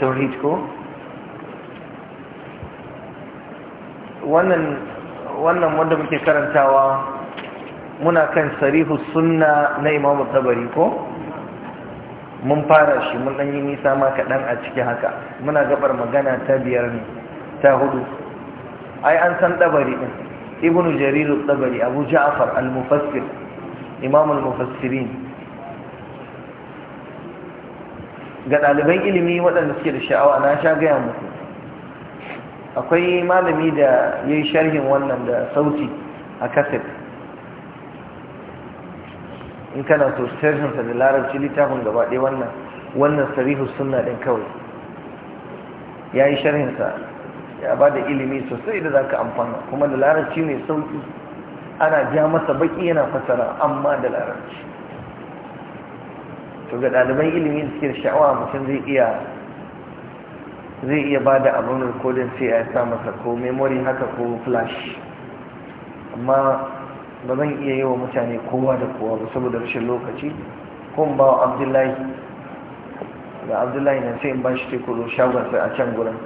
tauhid ko wannan wannan wanda muke karantawa muna kan sarihu sunna na imamu tabari ko mun fara shi mun ɗanyi nisa ma kaɗan a ciki haka muna gabar magana ta biyar ne ta hudu ai an san tabari ɗin ibnu jariru tabari abu ja'afar al-mufassir imam mufassirin ga ɗaliban ilimi waɗanda suke da sha'awa na sha gaya muku akwai malami da ya yi sharhin wannan da sauti a kasif in kana so sharhinsa da larabci littafin gaba ɗaya wannan wannan sarihu suna ɗin kawai ya yi sharhinsa ya ba da ilimi sosai da za ka amfana kuma da larabci mai sauki ana ja masa baƙi yana fasara amma da larabci to ga ɗaliban ilimi da suke sha'awa mutum zai iya zai iya ba da abin rikodin sai ya sa masa ko memory haka ko flash amma ba zan iya yi wa mutane kowa da kowa ba saboda rashin lokaci kun ba wa abdullahi da abdullahi na sai in ba shi tekuro shagonsa a can gurin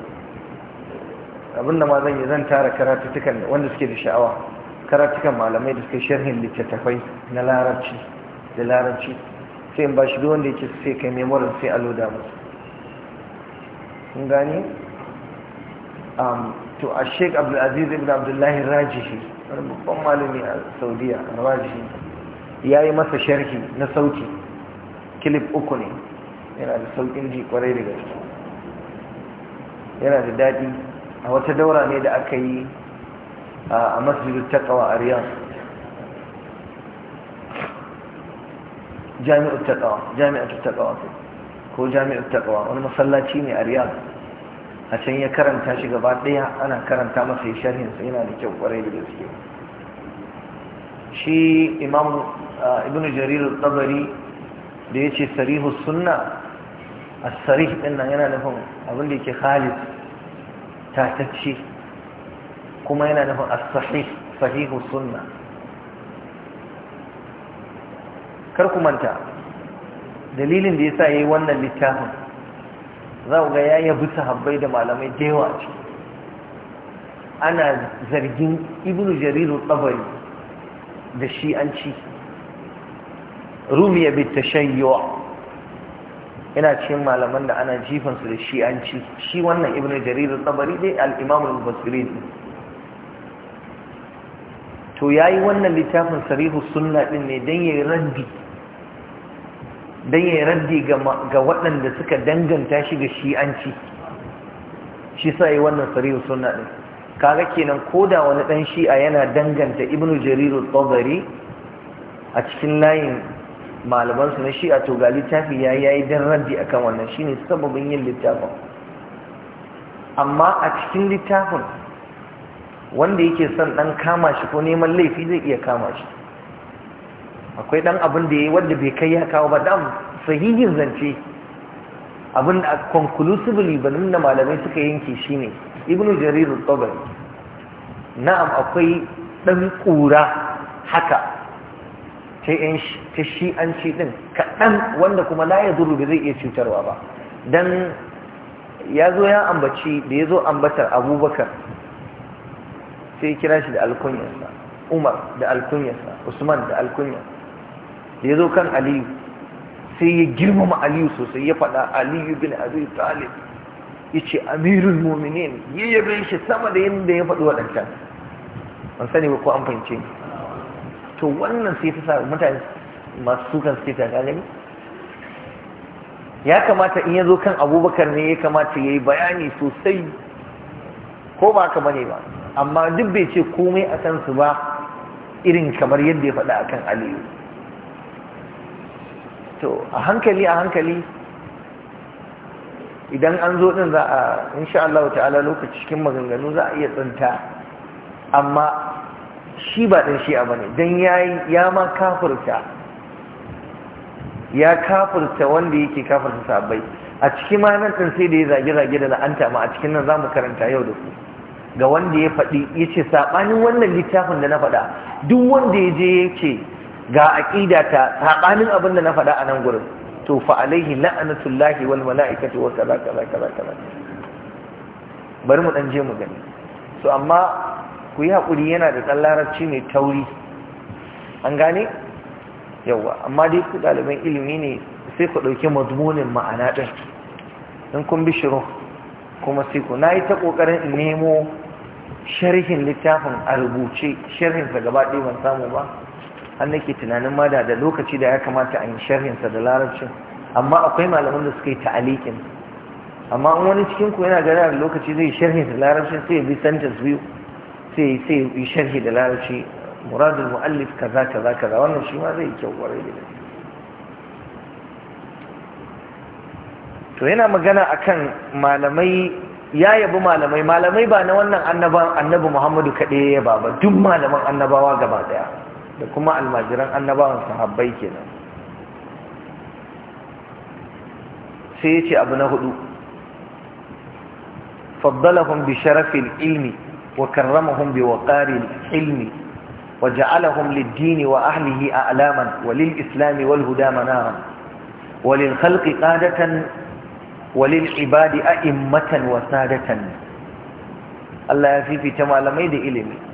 abinda ma zan yi zan tara karatutukan wanda suke da sha'awa karatukan malamai da suke sharhin littattafai na larabci da larabci sai ba shi duwanda wanda yake sai kai memorin sai a musu kun gani um, to a sheik abdulaziz ibn abdullahi rajihi wani babban malami a saudiya rajihi ya yi masa sharhi na sauti kilif uku ne yana da saukin ji kwarai da gaske yana da daɗi a wata daura ne da aka yi uh, a masjidin takawa a riyadh jami'ar taqwa jami'ar ko jami'ar takawa wani masallaci ne a riyadh a can ya karanta shi gaba daya ana karanta masa ya sharhin sa yana da kyau kwarai da gaske shi imam ibnu jarir tabari da yace Sarihu sunna a sarih din nan yana nufin abin da yake khalis tatacce kuma yana nufin a sahih sunna kar ku manta dalilin da yasa yayi wannan littafin za ku ga ya yabi sahabbai da malamai da ce ana zargin ibnu jarir al-tabari da shi'anci rumiya bi tashayyu' ina ce malaman da ana jifan su da shi'anci shi wannan ibnu jarir al-tabari dai al-imam al-basri to yayi wannan littafin sarihu sunna din ne dan yayi raddi don ya raddi ga waɗanda suka danganta shi ga shi'anci shi sa yi wannan da suna ɗin kaga kenan ko da wani ɗan shi'a yana danganta Ibn jariru tsogari a cikin layin malamansu na shi'a to ga littafi ya yi don raddi kan wannan shine sababin yin littafin amma a cikin littafin wanda yake son ɗan kama shi ko neman laifi zai iya kama shi akwai dan abin da ya yi wanda bai kai ya kawo ba dan sahihin zance abin da conclusively ba nuna malamai suka yanke shi ne, ibnu jarir tsobari na na'am akwai ɗan kura haka ta shi an shi'anci ɗin kaɗan wanda kuma la ya zuru zai iya cutarwa ba dan ya zo ya ambaci da ya zo ambatar abubakar sai kira shi da alkunyarsa umar da alkunyarsa usman da alkunyarsa da ya zo kan aliyu sai ya girmama aliyu sosai ya faɗa aliyu bin abi talib ya ce amirul mominin ya yabe shi sama da yadda ya faɗi waɗancan an sani ba ko an fahimce to wannan sai ta sa mutane masu sukan suke ta galibi ya kamata in ya zo kan abubakar ne ya kamata ya yi bayani sosai ko ba ka bane ba amma duk bai ce komai a kansu ba irin kamar yadda ya faɗa akan aliyu to a hankali a hankali idan an zo din za a insha Allah ta'ala lokaci cikin maganganu za a iya tsinta amma shi ba ɗin shi abu ne don ya ma kafurta ya kafurta wanda yake kafurta sabai a cikin ma ɗin sai da ya zage-zage da la'anta ma a cikin nan za mu karanta yau da ku. ga wanda ya faɗi ya ce saɓanin wannan littafin da na faɗa duk wanda ya je yake ga aqida ta sabanin abin da na faɗa a nan gurin to fa alaihi la'natullahi wal mala'ikati wa kaza kaza kaza kaza bari mu dan je mu gani so amma ku yi hakuri yana da dan mai tauri an gane yawa amma dai ku ɗaliban ilimi ne sai ku ɗauki mazmunin ma'ana ɗin in kun bi shiru kuma sai ku na yi ta ƙoƙarin in nemo sharhin littafin a rubuce sharhinsa gaba ɗaya ban samu ba har nake tunanin ma da lokaci da ya kamata a yi sharhinsa da larabcin amma akwai malaman da suka yi ta'alikin amma wani cikin ku yana gara da lokaci zai sharhi da larabcin sai ya bi sentence biyu sai sai yi sharhi da larabci muradul muallif kaza kaza kaza wannan shi ma zai yi kyau kwarai da gaske to yana magana akan malamai ya yabi malamai malamai ba na wannan annaban annabi Muhammadu kaɗai ya yaba ba duk malaman annabawa gaba daya da kuma almajiran annabawan sahabbai kenan sai ya ce abu na hudu faddalahum bi sharafin ilmi wa karramahum bi waqaril ilmi wa ja'alahum lid-dini wa ahlihi a'laman wa lil islami wal huda manaran wa lil khalqi qadatan wa lil ibadi a'immatan wa sadatan Allah ya fifita malamai da ilimi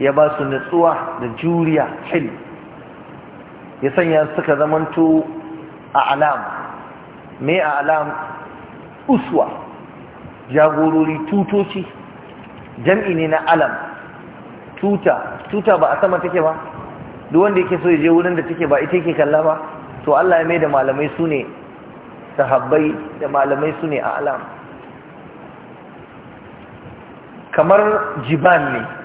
ya ba su nutsuwa da juriya hil ya sanya suka zamanto a alam me a alam uswa jagorori tutoci jam'i ne na alam tuta tuta ba a sama take ba duk wanda yake so ya je wurin da take ba ita yake kalla ba to Allah ya mai da malamai su ne sahabbai da malamai su ne a alam kamar jiban ne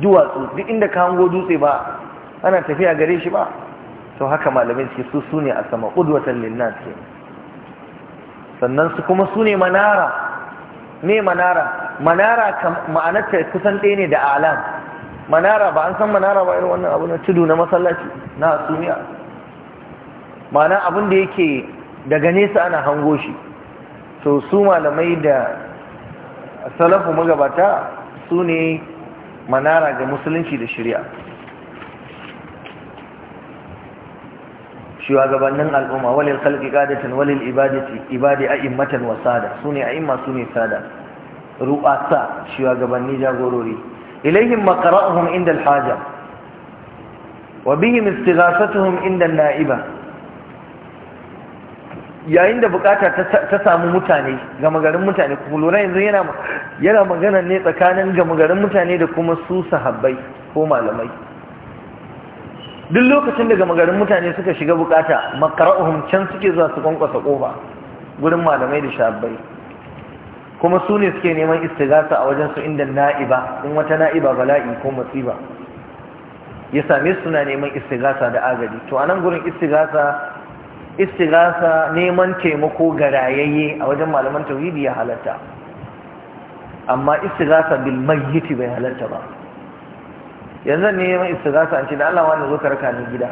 duwatsu duk inda ka hango dutse ba ana tafiya gare shi ba to haka malamai suke su sune a sama qudwatan linnas ke sannan su kuma sune manara me manara manara ma'anarta kusan ɗaya ne da alam manara ba an san manara ba irin wannan abu na tudu na masallaci na hasumiya ma'ana abin da yake daga nesa ana hango shi to su malamai da salafu magabata su ne manara ga musulunci da shari'a shugabannin al'umma walil khalqi qadatan walil ibadati ibadi a'immatan wa sada sune a'imma sune sada ru'asa shugabanni jagorori ilaihim maqra'uhum inda al-haja wa bihim istighathatuhum inda an-na'iba yayin da bukata ta samu mutane gama garin mutane kuma lura yanzu yana magana ne tsakanin gama garin mutane da kuma su sahabbai ko malamai duk lokacin da gama garin mutane suka shiga bukata makara'uhum can suke zuwa su kwankwasa kofa gurin malamai da sahabbai kuma su ne suke neman istigasa a wajen su inda na'iba in wata na'iba bala'i ko musiba ya same su suna neman istigasa da agaji to anan gurin istigasa istigasa neman taimako ga rayayye a wajen malaman tauhidi ya halatta amma istigasa bil mayyiti bai halatta ba yanzu ne neman istigasa an ce da Allah wani zo karka ni gida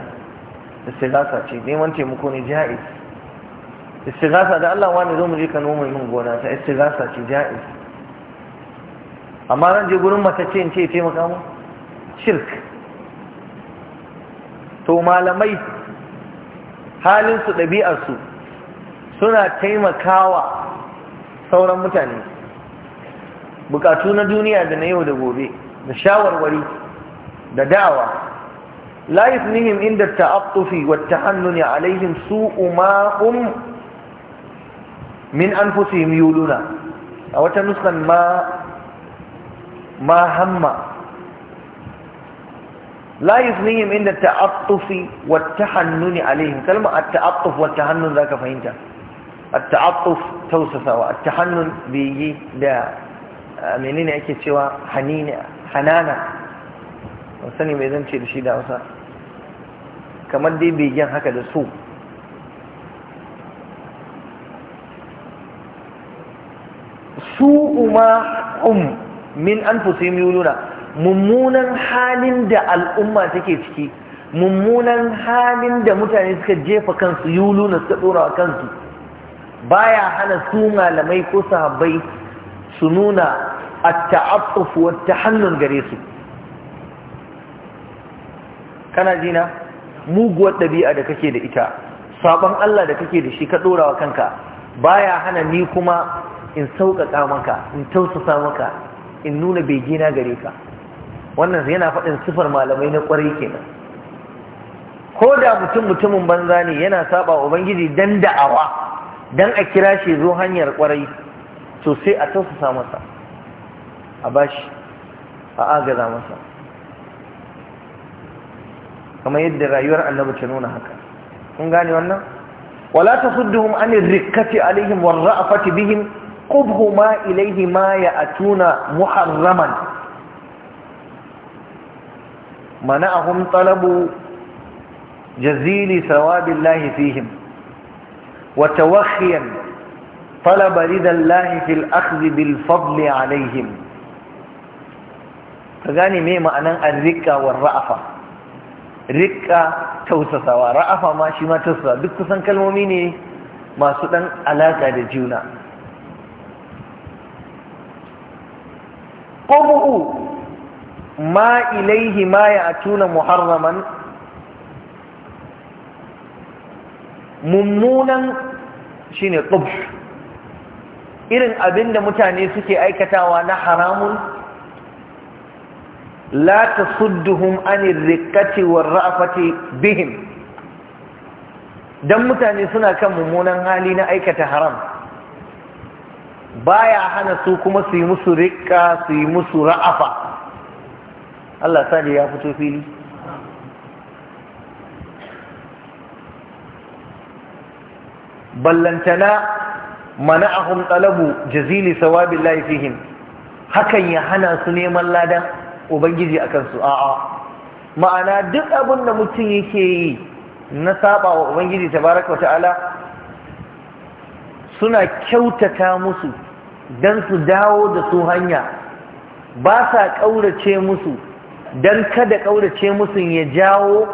istigasa ce neman taimako ne ja'iz istigasa da Allah wani zo mu je ka noma min gona ta istigasa ce ja'iz amma ran je gurin ce in ce taimaka mu shirk to malamai halinsu ɗabi'arsu suna taimakawa sauran mutane bukatu na duniya da na yau da gobe da shawarwari da da'awa la nihim inda wata wa tahannuni alaihim su'u ma hum min anfusihim yuluna a wata nuskan ma ma hamma la yuznihim inda ta'attufi wa tahannuni alaihim kalma at-ta'attuf wa tahannun zaka fahimta at-ta'attuf tausasawa at-tahannun biyi da menene ake cewa hanina hanana sani mai zance da shi da wasa kamar dai begen haka da su su umma um min anfusihim yuluna mummunan halin da al'umma take ciki mummunan halin da mutane suka jefa kansu na suka dora kansu baya hana su malamai ko sahabbai su nuna at-ta'affuf wa tahannun gare su kana jina muguwar ɗabi'a da kake da ita sabon Allah da kake da shi ka dora wa kanka baya hana ni kuma in sauƙaƙa maka in tausasa maka in nuna begina gare ka wannan yana faɗin sifar malamai na ƙwarai kenan ko da mutum mutumin banza ne yana saba ubangiji dan da'awa dan a kira shi zo hanyar ƙwarai to sai a tausasa masa a bashi a agaza masa kamar yadda rayuwar annabi ta nuna haka kun gane wannan wala tasudduhum anir rikkati alaihim ra'afati bihim qubhu ma ya ma tuna muharraman mana'ahum talabu jazili sawabillahi fihim wa tawakhiyan talaba ridallahi fil akhdhi bil fadli alaihim ka gane me ma'anan arrika war ra'afa rika tausasawa ra'afa ma shi ma duk kusan kalmomi ne masu dan alaka da juna qubu ma ilaihi ma ya atuna muharraman mummunan ne tsubh irin abin da mutane suke aikatawa na haramun la tasudduhum anir riqqati war ra'afati bihim dan mutane suna kan mummunan hali na aikata haram baya hana su kuma su yi musu riƙa su yi musu ra'afa Allah sani ya fito fili ballantana mana'ahum talabu jazili sawabi lahi fihim hakan ya hana su neman ladan ubangiji akan su a'a ma'ana duk abin da mutum yake yi na saba wa ubangiji tabaraka wa ta'ala suna kyautata musu don su dawo da su hanya ba sa ƙaurace musu don kada kaurace musu ya jawo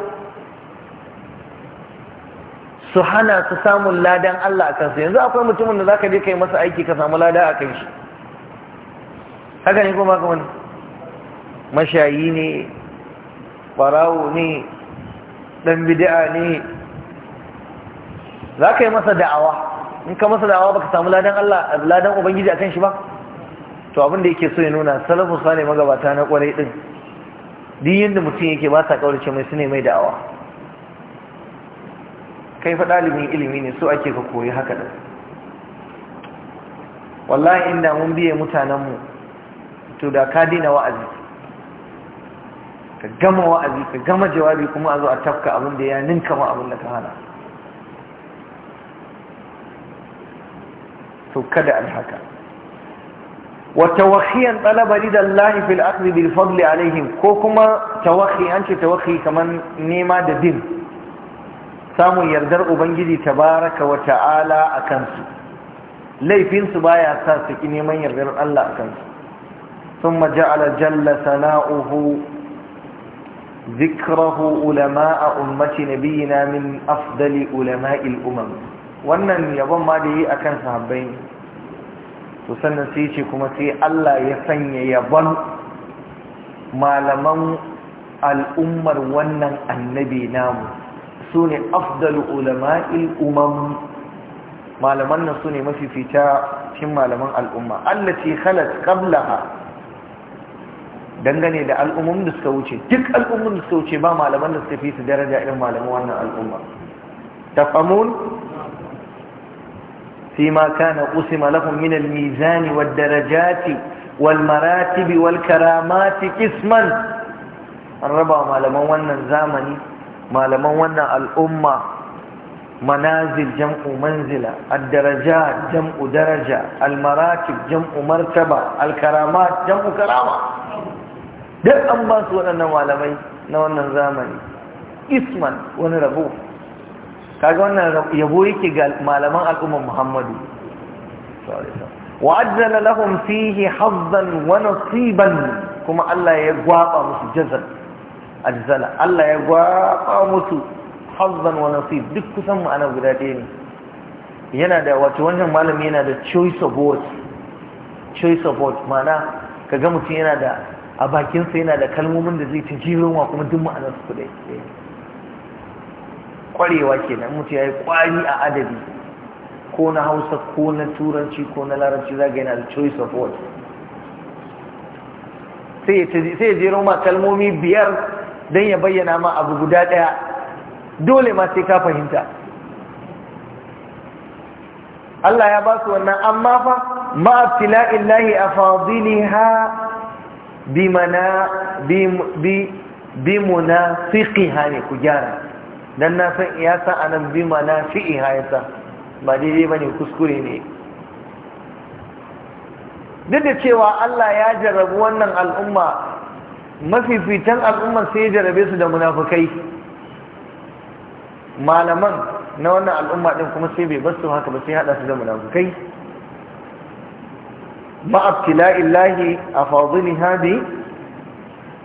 su hana su samun ladan Allah a kansu yanzu akwai mutumin da za ka je kai masa aiki ka samu lada a kan shi haka ne kuma wani mashayi ne ɓarawo ne dan bida'a ne za ka yi masa da'awa in ka masa da'awa baka samu ladan Allah ladan Ubangiji a kan shi ba to abin da yake so ya nuna salafu sale magabata na kwarai din duk yadda mutum yake ba sa kaurace mai su ne mai da'awa kai fa ɗalibin ilimi ne so ake ka koyi haka da wallahi inda mun biye mutanenmu to da ka dina wa'azi ka gama wa'azi ka gama jawabi kuma a zo a tafka abin da ya ninka ma abin da ka hana to kada alhaka watawakhiyan talabari da lahi fil akhri bil fadli alaihim ko kuma tawakhi an ce tawakhi kaman nema da din samun yardar ubangiji tabaraka wa ta'ala akan su laifin su baya sa su neman yardar Allah akan su thumma ja'ala jalla sana'uhu zikrahu ulama'a ummati nabiyina min afdali ulama'il umam wannan yabon ma da yi akan sahabbai to sannan sai ce kuma sai Allah ya sanya yabon malaman al'ummar wannan annabi namu su ne afdalu ulama'il umam malaman nan su ne mafifita cin malaman al'umma Allah ce khalat kablaha. dangane da al'ummun da suka wuce duk al'ummun da suka wuce ba malaman da suka fi su daraja irin malaman wannan al'umma tafamun فيما كان قسم لهم من الميزان والدرجات والمراتب والكرامات قسما الربا ما لمن wannan zamani malaman wannan al'umma manazil jam'u manzila ad jam'u daraja al jam'u martaba al jam'u karama duk an basu su waɗannan malamai na wannan zamani isman wani rabo kaga wannan yabo yake ga malaman al'ummar Muhammadu wa'ajjala lahum fihi hazzan wa nasiban kuma Allah ya gwaba musu jazal ajzala Allah ya gwaba musu hazzan wa nasib duk kusan ma'ana guda ɗaya ne yana da wato wannan malami yana da choice of words choice of words ma'ana kaga mutum yana da a bakinsa yana da kalmomin da zai ta jirowa kuma duk ma'anar su kudai kwarewa kenan mutu ya yi kwari a adabi ko na hausa ko na turanci ko na larabci za yana da choice of words sai ya jero ma kalmomi biyar don ya bayyana ma abu guda ɗaya dole ma sai ka fahimta Allah ya ba su wannan amma fa ma'abtila illahi a ha bi mana bi ha ne ku gyara dan na san ya sa anan bi mana fi'i hayata ba daidai bane kuskure ne duk da cewa Allah ya jarrabu wannan al'umma mafifitan al'umman sai ya jarrabe su da munafukai malaman na wannan al'umma din kuma sai bai basu haka ba sai hada su da munafukai ma'abtila illahi a fadili hadi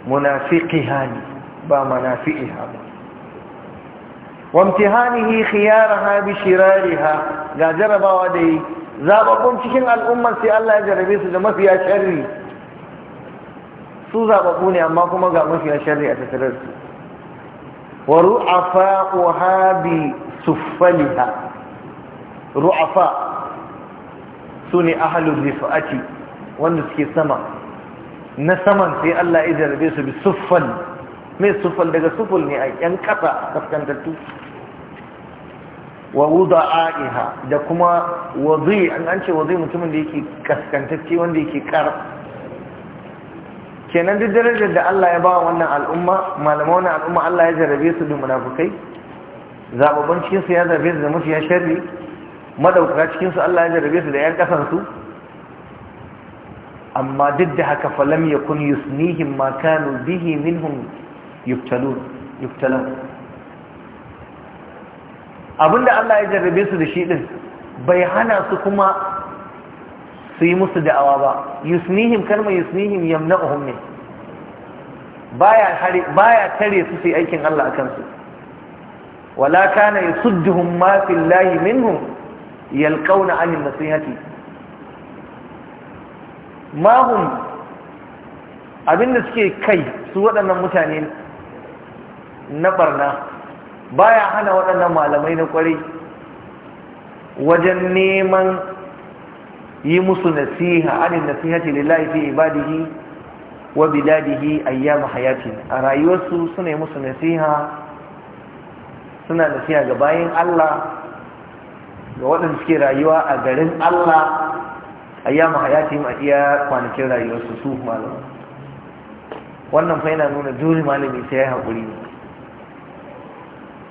munafiqi hadi ba manafi'i hadi wamtihanihi khiyaraha bi shirariha ga jarabawa da yi zababbun cikin al'ummar sai Allah ya jarabe su da mafiya sharri su zababbu ne amma kuma ga mafiya sharri a tattalar su wa ru'afa'uha bi suffaliha ru'afa su ne ahalul rifa'ati wanda suke sama na saman sai Allah ya jarabe su bi suffal mai sufal daga suful ne a yan kasa kaskantattu wa a'iha da kuma wazi an an ce wazi mutumin da yake kaskantacce wanda yake kar kenan duk darajar da Allah ya ba wannan al'umma malaman wannan al'umma Allah ya jarrabe su da munafukai zababban cikin su ya jarrabe su da mafiya sharri madaukaka cikin su Allah ya jarrabe su da yan kasan su amma duk da haka falam yakun yusnihim ma kanu bihi minhum yubtalun yubtalun abinda Allah ya jarrabe su da shi din bai hana su kuma su yi musu da'awa ba yusnihim kalma yusnihim yamna'uhum ne baya hare baya tare su su aikin Allah akan su wala kana yasudduhum ma fillahi minhum yalqawna 'anil nasihati ma hum abinda suke kai su waɗannan mutane na barna baya hana waɗannan malamai na kwarai wajen neman yi musu nasiha anin nasihati lillahi fi ibadihi wa biladihi ayyama hayati a rayuwarsu suna yi musu nasiha suna nasiha ga bayan Allah ga waɗanda suke rayuwa a garin Allah ayyama hayati a iya kwanakin rayuwarsu su malamai wannan fa yana nuna juri malami sai ya haƙuri ne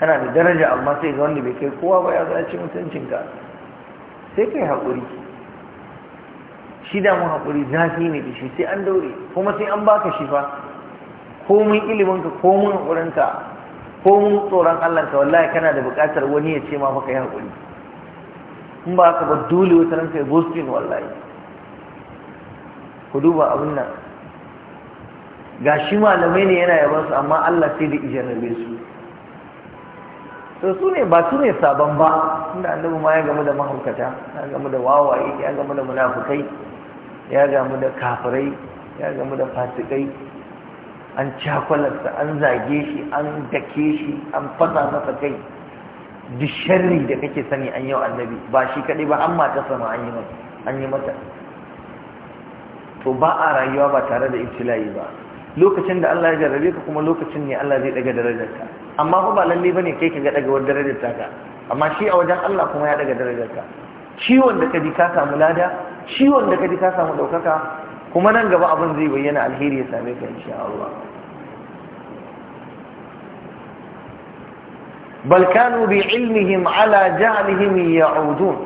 kana da daraja amma sai ga wanda bai kai kowa ba ya zaci mutuncinka sai kai haƙuri shi damun haƙuri zafi ne da shi sai an daure kuma sai an baka shi fa komin iliminka komin haƙurinka mun tsoron allahnka wallahi kana da buƙatar wani ya ce ma fa kai haƙuri in ba ka ba dole wata ranka ya boston wallahi ku duba abin nan ga shi malamai ne yana yabansu amma allah sai da ijarrabe su to su ne ba su ne sabon ba inda annabi ma ya gamu da mahaukata ya gamu da wawaye ya gamu da munafukai ya gamu da kafirai ya gamu da fasikai an cakwalarsa an zage shi an dake shi an fasa masa kai duk da kake sani an yau annabi ba shi kaɗai ba an mata sama an yi mata to ba a rayuwa ba tare da ibtila'i ba lokacin da Allah ya jarrabe ka kuma lokacin ne Allah zai daga darajarka amma ba lalle bane kai ka ga dagawar darajar ka amma shi a wajen Allah kuma ya daga darajarka ciwon da ka ji ka samu lada ciwon da ka ji ka samu daukaka kuma nan gaba abin zai bayyana alheri ya same ka insha Allah bal kanu bi ilmihim ala jahlihim ya'udun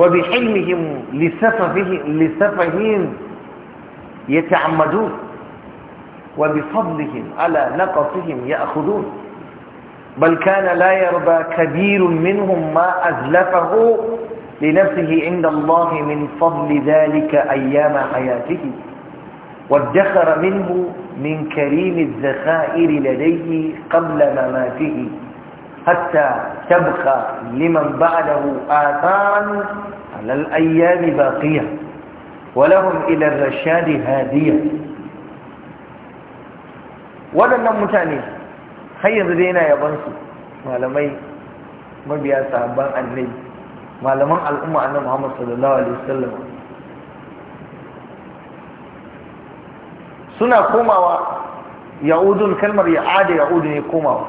wa bi ilmihim lisafahihim lisafahihim يتعمدون وبفضلهم على نقصهم يأخذون بل كان لا يرضى كبير منهم ما أزلفه لنفسه عند الله من فضل ذلك أيام حياته وادخر منه من كريم الذخائر لديه قبل مماته حتى تبقى لمن بعده آثار على الأيام باقية walahum ilar rashadi hadiya waɗannan mutane har yanzu dai yana yabansu malamai mabiya sahabban annabi malaman al'umma annabi Muhammad sallallahu alaihi wasallam suna komawa ya'udun kalmar ya'ada ya'udu ne komawa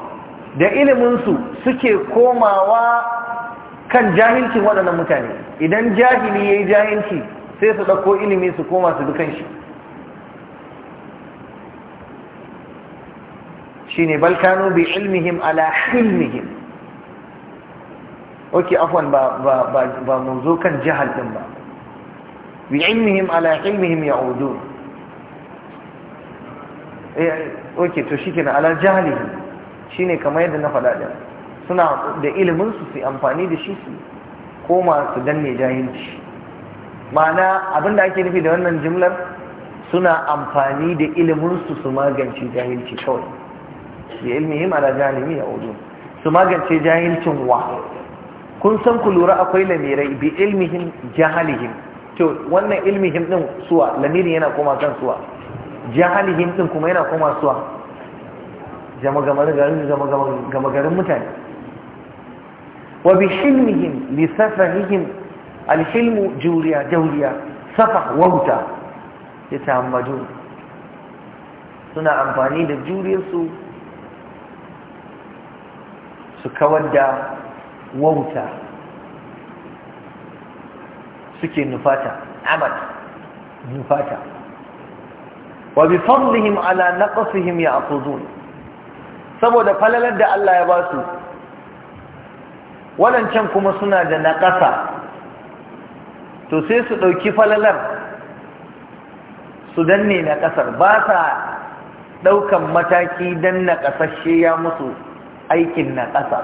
da iliminsu suke komawa kan jahilcin waɗannan mutane idan jahili ya yi jahilci sai su ɗauko ilimi su koma su dukan shi shi ne balkano bi ilmihim ala hilmihim oke afwan ba mu zo kan jihar ɗin ba bi ilmihim ala ilmihim ya odo eh, oke to shi kenan ala jihalihi shi ne kamar yadda na faɗa ɗin suna da ilimin su amfani da shi su koma su danne jahilci ma'ana abinda ake nufi da wannan jimlar suna amfani da iliminsu su magance jahilci kawai da ilmihim ala jahilmi ya wudu su magance jahilcin wa kun san ku lura akwai lamirai bi ilmihim jahalihim to wannan ilmihim din suwa lamirin yana koma kan suwa jahalihim din kuma yana koma suwa gama garin mutane wa bi hilmihim li safahihim alhilmu juriya dauriya safa wauta ya tahammadu suna amfani da juriyarsu su su kawar da wauta suke nufata amad nufata wa bi fadlihim ala naqsihim ya'khudun saboda falalar da Allah ya ba su wadancan kuma suna da naqasa to sai su ɗauki falalar su danne na ƙasar ba sa ɗaukan mataki don na ƙasashe ya musu aikin na ƙasa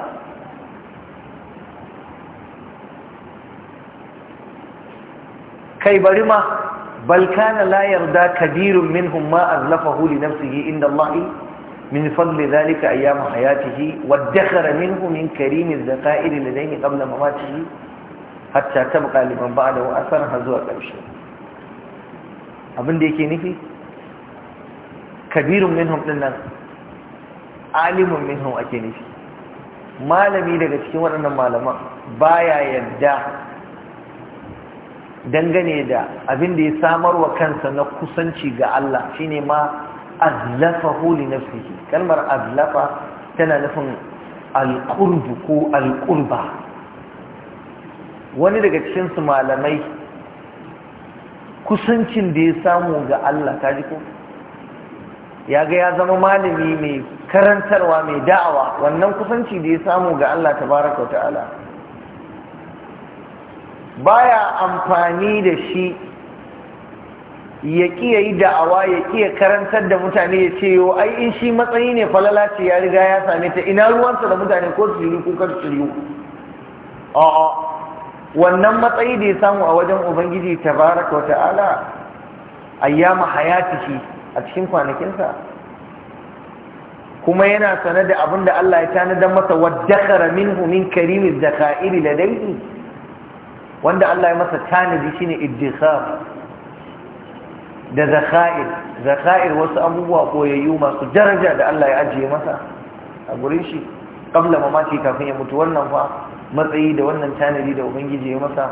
kai bari ma balkana la yarda kadirun minhum ma azlafahu li nafsihi inda Allah min fadli dhalika ayyam hayatihi wa dakhara minhu min karim az ladayhi qabla mamatihi hatta ta buƙaliban ba da wa'asar har zuwa ƙarshe abinda yake nufi kabirun minhum ɗin nan alimun minhum ake nufi malami daga cikin waɗannan malaman baya yadda dangane da abin da ya samar wa kansa na kusanci ga Allah shine ma azlafahu li nafsihi kalmar azlafa tana nufin alqurb ko alqurba wani daga cikin su malamai kusancin da ya samu ga Allah ta ji ko ya ga ya zama malami mai karantarwa mai da'awa wannan kusanci da ya samu ga Allah tabaraka ta'ala baya amfani da shi ya kiya yi da'awa ya kiya karantar da mutane ya ce yo ai in shi matsayi ne falala ce ya riga ya same ta ina ruwansa da mutane ko su yi ko su yi a'a wannan matsayi da ya samu a wajen ubangiji tabaraka wa ta'ala ayyama hayatihi a cikin kwanakinsa kuma yana sane da abin da Allah ya don masa wadakara minhu min karimiz da ladaihi wanda Allah ya masa tanadi shine iddikhar da zakair zakair wasu abubuwa koyayyu masu daraja da Allah ya ajiye masa a gurin shi qabla mamati kafin ya mutu wannan fa matsayi da wannan tanadi da ubangiji ya masa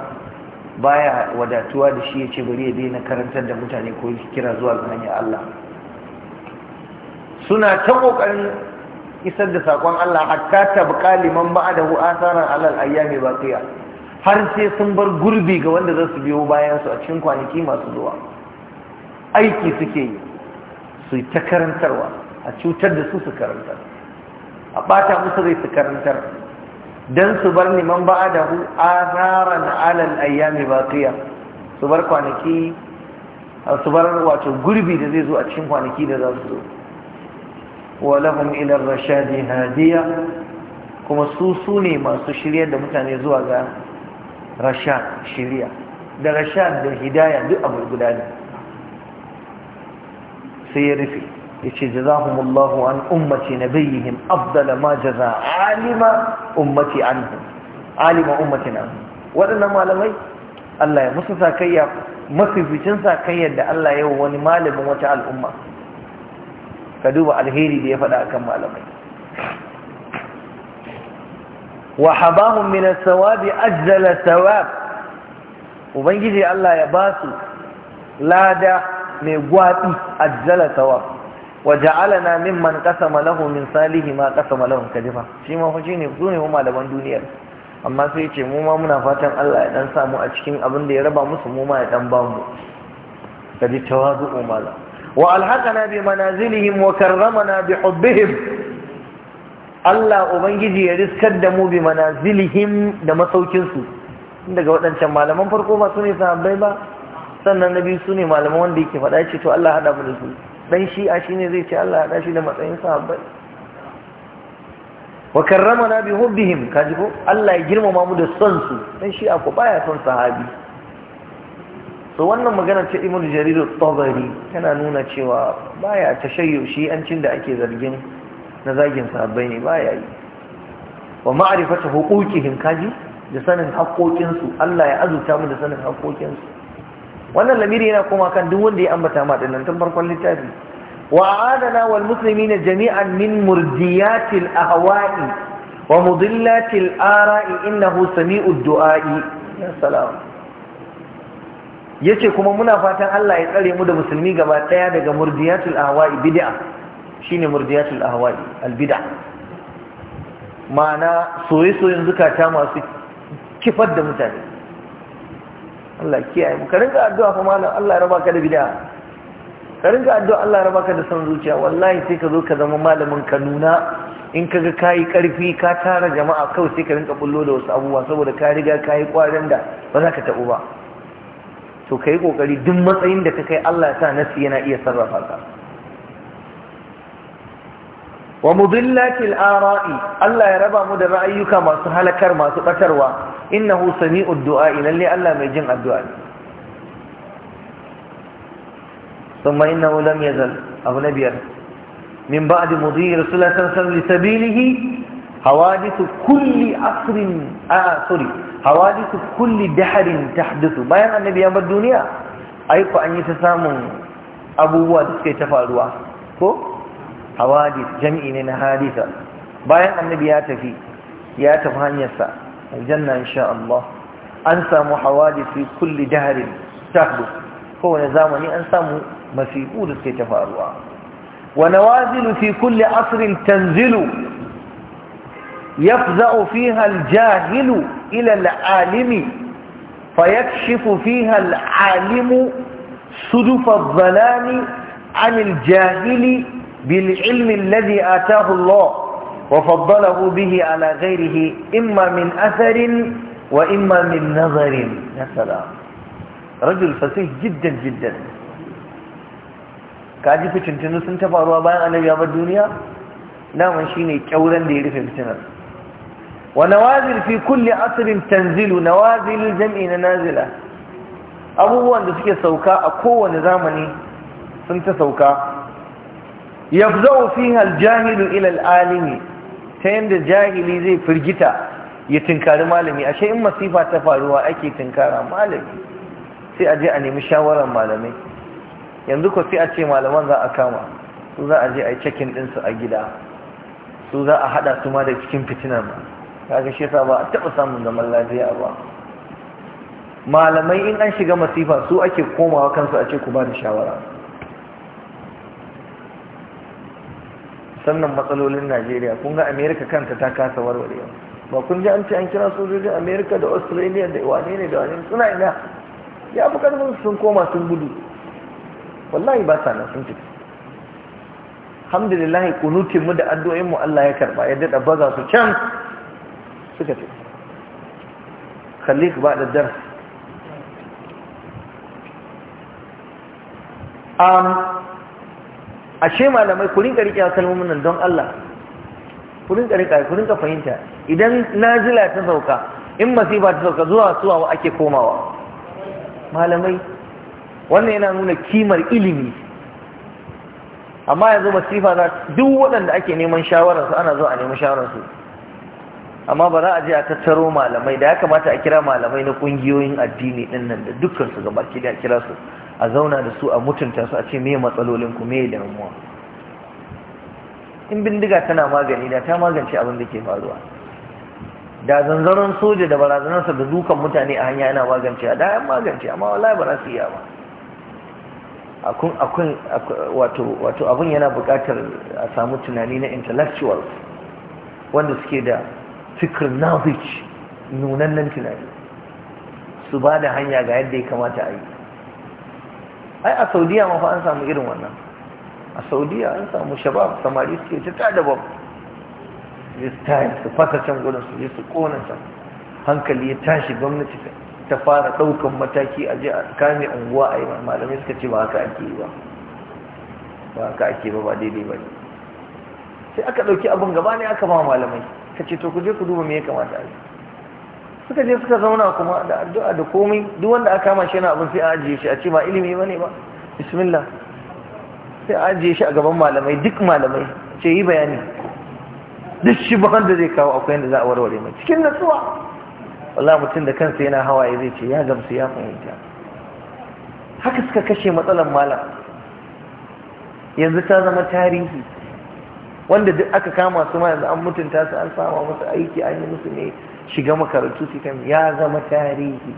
baya wadatuwa da shi ya ce bari ya daina karantar da mutane ko kira zuwa ga hanyar Allah suna ta kokarin isar da sakon Allah hatta tabqa liman da asaran alal ayyami baqiya har sai sun bar gurbi ga wanda za su biyo bayan su a cikin kwanaki masu zuwa aiki suke yi su ta karantarwa a cutar da su su karantar a bata musu zai su karantar dan su bar neman liman ba'adahu azaran ala alal ayyami baqiya su bar kwanaki su bar wato gurbi da zai zo a cikin kwanaki da za su zo wa lahum rashadi hadiya kuma su su ne masu shirya da mutane zuwa ga rashad shirya da rashad da hidaya duk abu guda ne sai ya rufe yace jazahumullahu an ummati nabiyihim afdala ma jaza alima ummati anhu alima ummatina wadannan malamai Allah ya musu sakayya mafificin sakayyar da Allah ya wani malamin wata al'umma ka duba alheri da ya faɗa akan malamai wa habahum min as-sawabi ajzala thawab ubangiji Allah ya basu lada mai gwadi ajzala thawab alana min mimman qasama lahu min salihi ma qasama lahu kadifa shi ma fa shine su ne malaman duniyar amma sai ce mu ma muna fatan Allah ya dan samu a cikin abin da ya raba musu mu ma ya dan ba mu kadi tawazu'u mala wa alhaqana bi manazilihim wa karramana bi hubbihim Allah ubangiji ya riskar da mu bi manazilihim da masaukin su daga waɗancan malaman farko ba su ne sahabbai ba sannan na biyu su ne malaman wanda yake faɗa ce to Allah hada mu da su dan shi'a shine zai ce Allah ya shi da matsayin sahabbai wa karramana bi hubbihim kaji ko Allah ya girmama mu da son su dan shi'a ko baya son sahabi to wannan magana ce Ibn Jarir al-Tabari tana nuna cewa baya tashayyu cin da ake zargin na zagin sahabbai ne baya yi wa ma'rifatu huquqihim kaji da sanin su Allah ya azuta mu da sanin su wannan lamiri yana koma kan duk wanda ya ambata ma dinnan tun farkon littafi wa adana wal muslimina jami'an min murdiyatil ahwa'i wa mudillatil ara'i innahu sami'ud du'a'i ya salam yace kuma muna fatan Allah ya tsare mu da musulmi gaba daya daga murdiyatul ahwa'i bid'a shine murdiyatul ahwa'i al bid'a ma'ana yanzu zukata masu kifar da mutane Allah kiyaye mu ka rinka addu'a fa malam Allah ya raba ka da bid'a ka rinka addu'a Allah ya raba ka da san zuciya wallahi sai ka zo ka zama malamin ka nuna in ka ga kayi karfi ka tara jama'a kawai sai ka rinka bullo da wasu abubuwa saboda ka riga kayi kwarin da ba za ka tabu ba to kai kokari duk matsayin da ka kai Allah ya sa nasi yana iya sarrafa ka wa mudillatil ara'i Allah ya raba mu da ra'ayyuka masu halakar masu batarwa innahu sami'ud du'a lalle Allah mai jin addu'a ne ثم إنه لم يزل أبو نبيا من بعد مضي رسول الله صلى الله عليه وسلم لسبيله حوادث كل عصر آه سوري حوادث bayan annabi ya bar duniya ai an yi ta samun abubuwa da suke ta faruwa ko hawadis jam'i ne na hadisa bayan annabi ya tafi ya tafi hanyarsa aljanna insha Allah an samu hawadis fi kulli dahrin tahdus kowane zamani an samu masifu da suke ta faruwa wa nawazilu fi kulli asrin tanzilu يفزأ فيها الجاهل إلى العالم فيكشف فيها العالم صدف الظلام عن الجاهل بالعلم الذي آتاه الله وفضله به على غيره إما من أثر وإما من نظر يا سلام رجل فصيح جدا جدا kaji fitintunu sun ta faruwa bayan annabi ya bar duniya daman shine kyauran da ya rufe fitinar wa nawazil fi kulli asrin tanzilu nawazil jam'i na abubuwan da suke sauka a kowane zamani sun ta sauka yafzau fiha aljahilu ila alalimi ta yanda jahili zai firgita ya tinkari malami ashe in masifa ta faruwa ake tinkara malami sai a je a nemi shawaran malamai yanzu ko sai a ce malaman za a kama su za a je a yi din ɗinsu a gida su za a haɗa su ma da cikin fitinar ma kaga shi yasa ba a taɓa samun zaman lafiya ba malamai in an shiga masifa su ake komawa kansu a ce ku ba da shawara sannan matsalolin najeriya kun ga amerika kanta ta kasa warwarewa ba kun ji an ce an kira sojojin amerika da australia da wane ne da wane suna ina ya fi karfin sun koma sun gudu wallahi ba sa nan sun tafi alhamdulillah kunutin mu da addu'o'in mu Allah ya karba ya dada baza su can suka ce khalif ba da dars ashe malamai ku rinka rike kalmomin nan don Allah ku rinka rika ku rinka fahimta idan nazila ta sauka in masifa ta sauka zuwa suwa ake komawa malamai wannan yana nuna kimar ilimi amma yanzu masifa za duk waɗanda ake neman shawararsu ana zuwa a neman shawararsu amma ba za a je a tattaro malamai da ya kamata a kira malamai na ƙungiyoyin addini ɗin nan da dukkansu gaba ke da kira su a zauna da su a mutunta su a ce me matsalolin ku me damuwa in bindiga tana magani da ta magance abin da ke faruwa da zanzaron soja da barazanarsa da dukan mutane a hanya yana magance a dayan magance amma wallahi ba za su iya ba wato abin yana buƙatar a samu tunani na intellectuals wanda suke da fikir knowledge nunannen tunani su ba da hanya ga yadda ya kamata a yi ai a saudiya ma fa an samu irin wannan a saudiya an samu shabab samari suke ta tada bab su tayin su fasa can gudun su je su kona can hankali ya tashi gwamnati ta fara daukan mataki a a kame unguwa a yi malamai suka ce ba haka ake yi ba ba haka ake ba ba daidai ba sai aka dauki abin gaba ne aka ba malamai ka ce to ku je ku duba me ya kamata a yi suka je suka zauna kuma da addu'a da komai duk wanda aka kama shi yana abin sai a ajiye shi a ce ba ilimi bane ba bismillah sai a ajiye shi a gaban malamai duk malamai ce yi bayani duk shi ba da zai kawo akwai yadda za a warware mai cikin natsuwa wallah mutum da kansa yana hawaye zai ce ya gamsu ya fahimta haka suka kashe matsalan malam yanzu ta zama tarihi wanda duk aka kama su ma yanzu an mutunta su an sama musu aiki an yi musu ne shiga makarantu su kan ya zama tarihi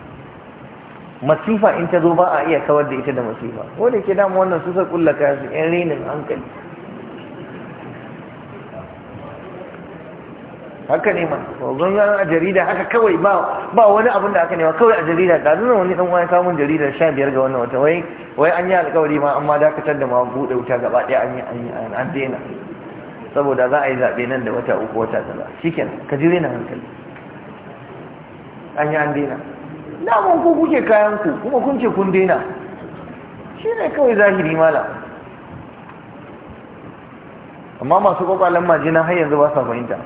masifa in ta zo ba a iya kawar da ita da masifa wanda ke dama wannan su sa kulla kaya su yan renin hankali haka ne ma wajen zan a jarida haka kawai ba wani abin da aka nema kawai a jarida da zuwa wani dan wani kamun jarida sha biyar ga wannan wata wai an yi alkawari ma amma dakatar da ma buɗe wuta gaba ɗaya an yi an daina saboda za a yi zaɓe nan da wata uku wata tara shikenan ka jire na hankali an yi an daina naman ku kuke kayan ku kuma kun ce kun daina shi ne kawai zahiri mala amma masu kwakwalen majina har yanzu ba sa fahimta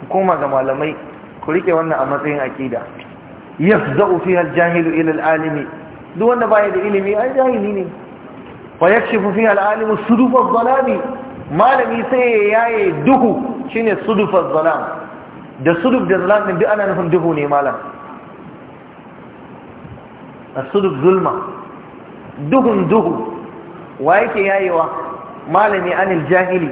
ku koma ga malamai ku rike wannan a matsayin aƙida za'u fi har jahilu ila alimi duk wanda baya da ilimi ai jahili ne wa yakshifu fiha al-alimu sudufa dhalami malami sai ya yaye duhu shine sudufa dhalam da suduf da dhalam din duk ana nufin duhu ne malam as-suduf zulma duhun duhu wa yake yayewa malami anil jahili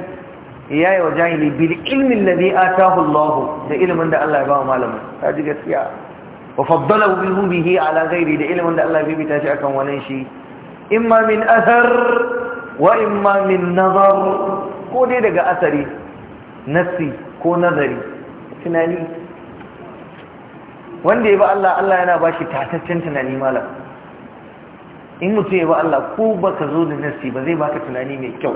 yayewa jahili bil ilmi alladhi ataahu Allah da ilimin da Allah ya ba malamin ta ji gaskiya wa faddalahu bihi bihi ala ghairi da ilimin da Allah ya bibita shi akan wannan shi imma min athar wa imma min nazar ko dai daga asari nasi ko nazari tunani wanda ya ba Allah Allah yana ba shi tataccen tunani malam in mutum ya ba Allah ko baka zo da nasi ba zai baka tunani mai kyau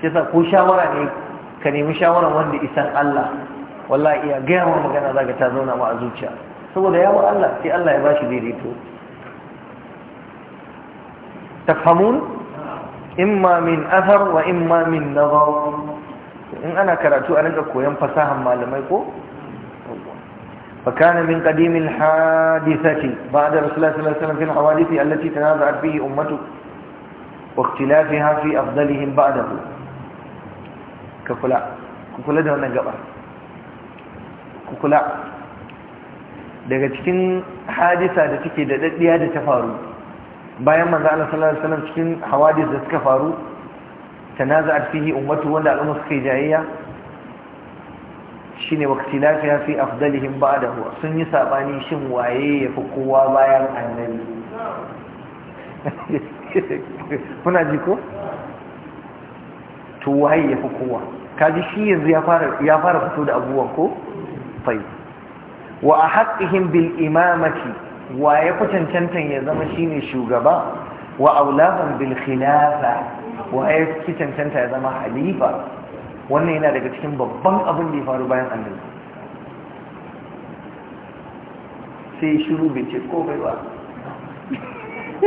sai sa ko shawara ne ka nemi shawaran wanda isan Allah wallahi iya gaya wa magana zaka ta zauna ma a zuciya saboda ya ba Allah sai Allah ya bashi daidaito tafhamun imma min athar wa imma min nazar in ana karatu a rika koyan fasahan malamai ko فكان من قديم الحادثة بعد رسول الله صلى الله عليه وسلم في الحوادث التي تنازعت به أمته واختلافها في أفضلهم بعده ككلا ككلا ده نجبر ككلا daga cikin hadisa da take da daddiya da ta faru bayan manzo Allah sallallahu alaihi wasallam cikin hawadis da suka faru tanaza'at fihi ummatu wanda al'umma suka yi jayayya shine lafiya fi afdalihim ba'dahu sun yi sabani shin waye ya fi kowa bayan annabi kuna ji ko to waye fi kowa kaji shi yanzu ya fara ya fara fito da abubuwan ko fai wa ahqihim bil imamaki wa ya fi cancantan ya zama shine shugaba wa aulahum bil khilafa wa ya fi cancanta ya zama halifa wannan yana daga cikin babban abin da ya faru bayan annabi sai shiru bai ce komai ba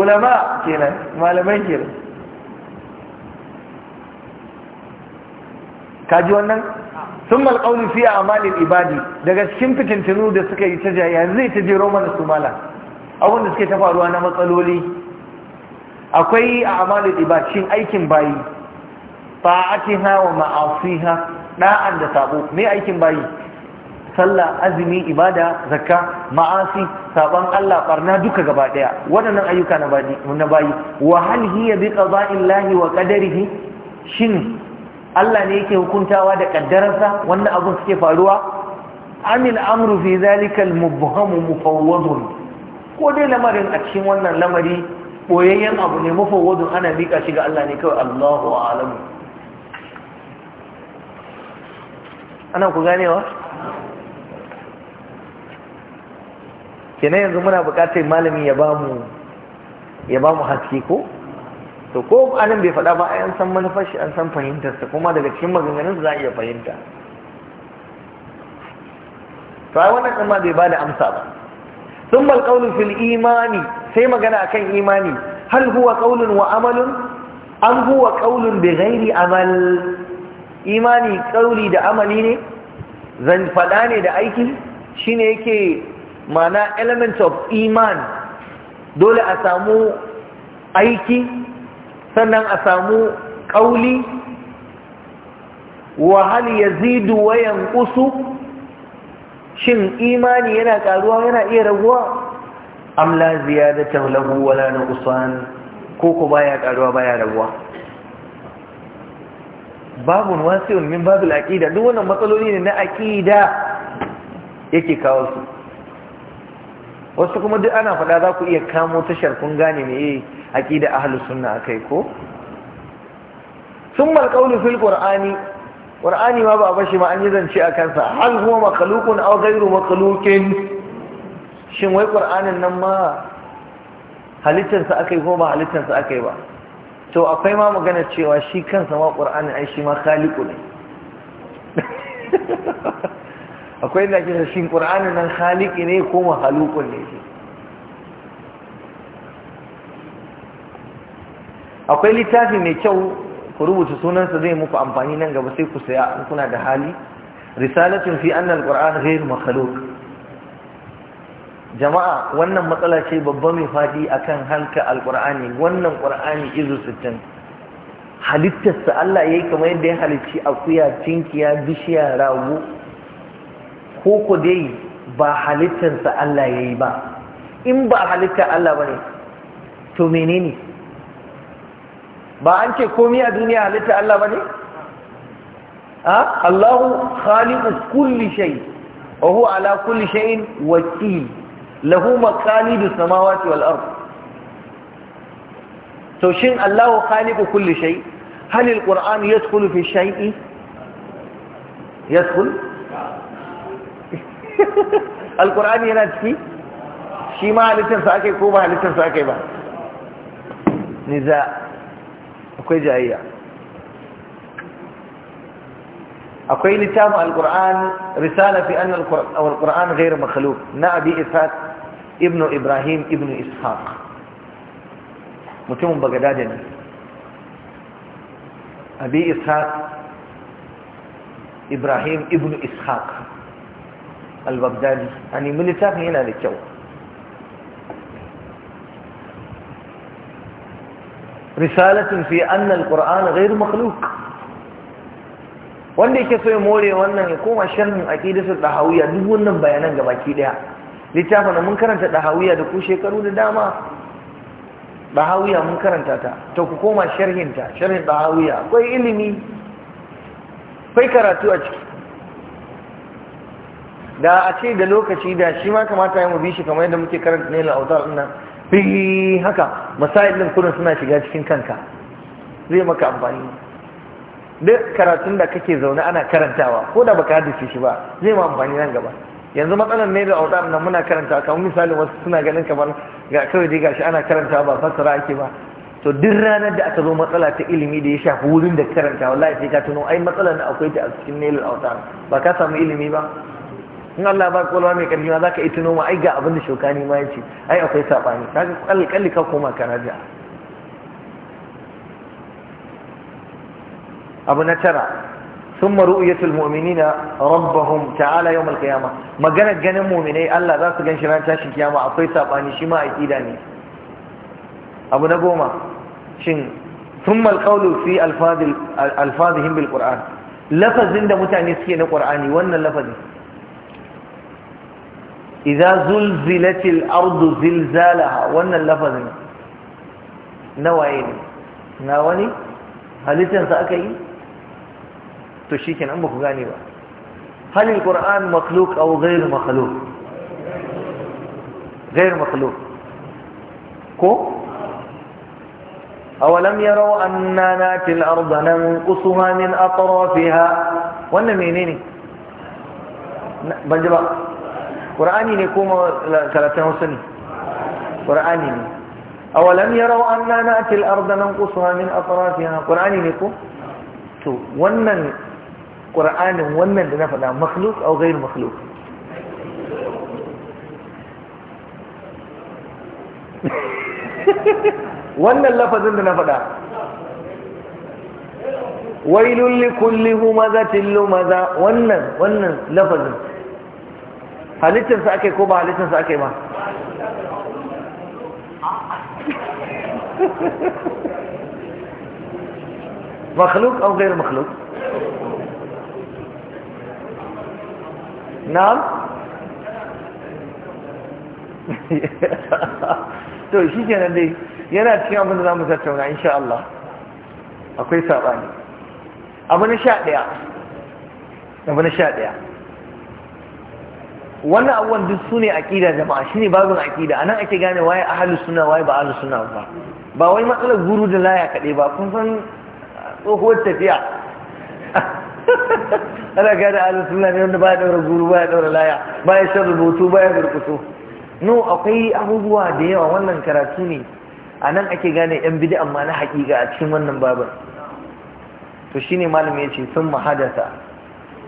ulama kenan malamai kenan Kaji wannan sun malƙaunin fiye a malin ibadi daga cikin fitintunu da suka yi ta jaya zai ta je roman da sumala abinda suka suke ta faruwa na matsaloli akwai a amalin ibadin aikin bayi ba a hawa ma'afi ha ɗa'an da sabo mai aikin bayi sallah azumi ibada zakka ma'asi saban Allah barna duka gaba daya waɗannan ayyuka na bayi na bayi wa hal hiya bi qada'illahi wa qadarihi shin Allah ne yake hukuntawa da kaddararsa wannan abun suke faruwa amil amru fi zalika al-mubhamu mufawwadun ko dai lamarin a cikin wannan lamari boyayyen abu ne mufawwadun ana mika shi ga Allah ne kawai Allahu a'lamu ana ku ganewa kenan yanzu muna buƙatar malami ya bamu ya bamu haske ko to ko anan bai faɗa ba an san manufar shi an san fahimtarsa kuma daga cikin maganganun za a iya fahimta to ai wannan kuma bai bada amsa ba sun bal qawlu fil imani sai magana akan imani hal huwa qawlun wa amalun an huwa qawlun bi ghairi amal imani qawli da amali ne zan faɗa ne da aiki shine yake mana element of iman dole a samu aiki sannan a samu ƙauli wa hal yazidu wayan ƙusu shin imani yana ƙaruwa yana iya raguwa am la lahu wala nuqsan ko ko baya ƙaruwa baya raguwa babun wasi'un min babu aqida duk wannan matsaloli ne na aqida yake kawo su wasu kuma duk ana faɗa za ku iya kamo tashar kun gane ne yi eh, aƙida ahalus suna a kai ko sun malƙaunin fil ƙwar'ani ƙwar'ani ma ba a bashi ma an yi zance a kansa hal kuma makalukun au gairu makalukin shin wai ƙwar'anin nan ma halittarsa aka yi ko ba halittarsa aka yi ba to akwai ma magana cewa shi kansa ma ƙwar'anin ai shi ma khaliku akwai da kisa shi ƙur'anin nan haliki ne ko mahalukun ne shi akwai littafi mai kyau ku rubuta sunansa zai muku amfani nan gaba sai ku saya in kuna da hali risalatun fi annal qur'an ghayr mahaluk. jama'a wannan matsala ce babba mai fadi akan halka alqur'ani wannan qur'ani izu sittin. halittarsa Allah ya yi kamar yadda ya halicci akuya tinkiya bishiya rago ko ku dai ba halittarsa Allah ya yi ba in ba halittar Allah ba ne to menene ba an ce komi a duniya halittar Allah ba ne? Allahu khaliqu kulli shay wa huwa ala kulli shay'in wakil lahu maqalidu samawati wal ard to shin Allahu khaliqu kulli shay hal alquran yadkhulu fi shay'i yadkhulu alkur'ani yana ciki shi ma halittarsa aka yi ko ba halittarsa aka yi ba niza akwai jayayya akwai littafin alkur'an risala fi anna alkur'an ghairu makhluk na abi ishaq ibnu ibrahim ibnu ishaq mutumin bagadada ne abi ishaq ibrahim ibnu ishaq al-baghdadi a nemi militafin yana da kyau Risalatin fi anna al-qur'an ghayr makhluq wanda yake so ya more wannan ya koma sharhin aqidatul dahawiyya duk wannan bayanan gabaki daya littafin mun karanta dahawiyya da ku shekaru da dama dahawiya mun karanta ta to ku koma sharhinta sharhin dahawiya akwai ilimi akwai karatu a ciki da a ce da lokaci da shi ma kamata mu bi shi kamar yadda muke karanta ne la'autar ɗin nan fi haka masail din suna shiga cikin kanka zai maka amfani duk karatun da kake zaune ana karantawa ko da baka hadisi shi ba zai ma amfani nan gaba yanzu matsalar ne da autar nan muna karanta kamar misali wasu suna ganin kamar ga kawai dai gashi ana karanta ba fassara ake ba to duk ranar da aka zo matsala ta ilimi da ya shafi wurin da karanta wallahi sai ka tuno ai matsalar da akwai ta a cikin nailal autar ba ka samu ilimi ba in Allah ba kwalwa mai karfi ma za ka ita noma ai ga abin da shokani ma ya ce ai akwai saɓani ka ga kalli ka koma ka raja abu na tara sun maru uyatul mu'mini na rabbahum ta'ala yau malkiyama maganar ganin mu'minai Allah za su gan shi ran tashin kiyama akwai saɓani shi ma a ƙida ne abu na goma shin sun malƙaulu fi alfazihim bil ƙur'an lafazin da mutane suke na ƙur'ani wannan lafazin idza zulzilatil ardu zilzalaha wannan lafazin nawaye ne na wani halittar sa aka yi to shikenan ba ku gane ba Halin qur'an makhluq aw ghayr makhluq ghayr makhluq ko awalam yaraw anna natil arda nanqusuha min atrafiha wannan menene ban ji ba qur'ani ne kuma karatun hausa ne qur'ani ne a awalam yarau anna na'ti al-ardha nanqusuha min atrafiha qur'ani ne ko to wannan qur'anin wannan da na faɗa makhluq aw ghayr makhluq wannan lafazin da na faɗa wailul likulli tillu maza wannan wannan lafazin halittarsa ake, yi ko ba halittarsa aka ba makhluk an gairar makhluk na'am to shi kenan dai yana cikin abin da za mu tattauna insha Allah akwai saɓani abu na sha ɗaya abu na sha ɗaya wannan abubuwan duk su ne aƙida jama'a shine babin aƙida anan ake gane waye ahlus suna waye ba ahlus suna ba ba wai matsalar guru da laya kaɗai ba kun san uh, tsohuwar tafiya ana gane ahlus suna ne wanda baya ɗaura guru baya ɗaura laya baya shan rubutu baya burkutu no akwai abubuwa da yawa wannan karatu ne anan ake gane yan bidi amma na haƙiƙa a cikin wannan babin to shine malamin ya ce sun mahadasa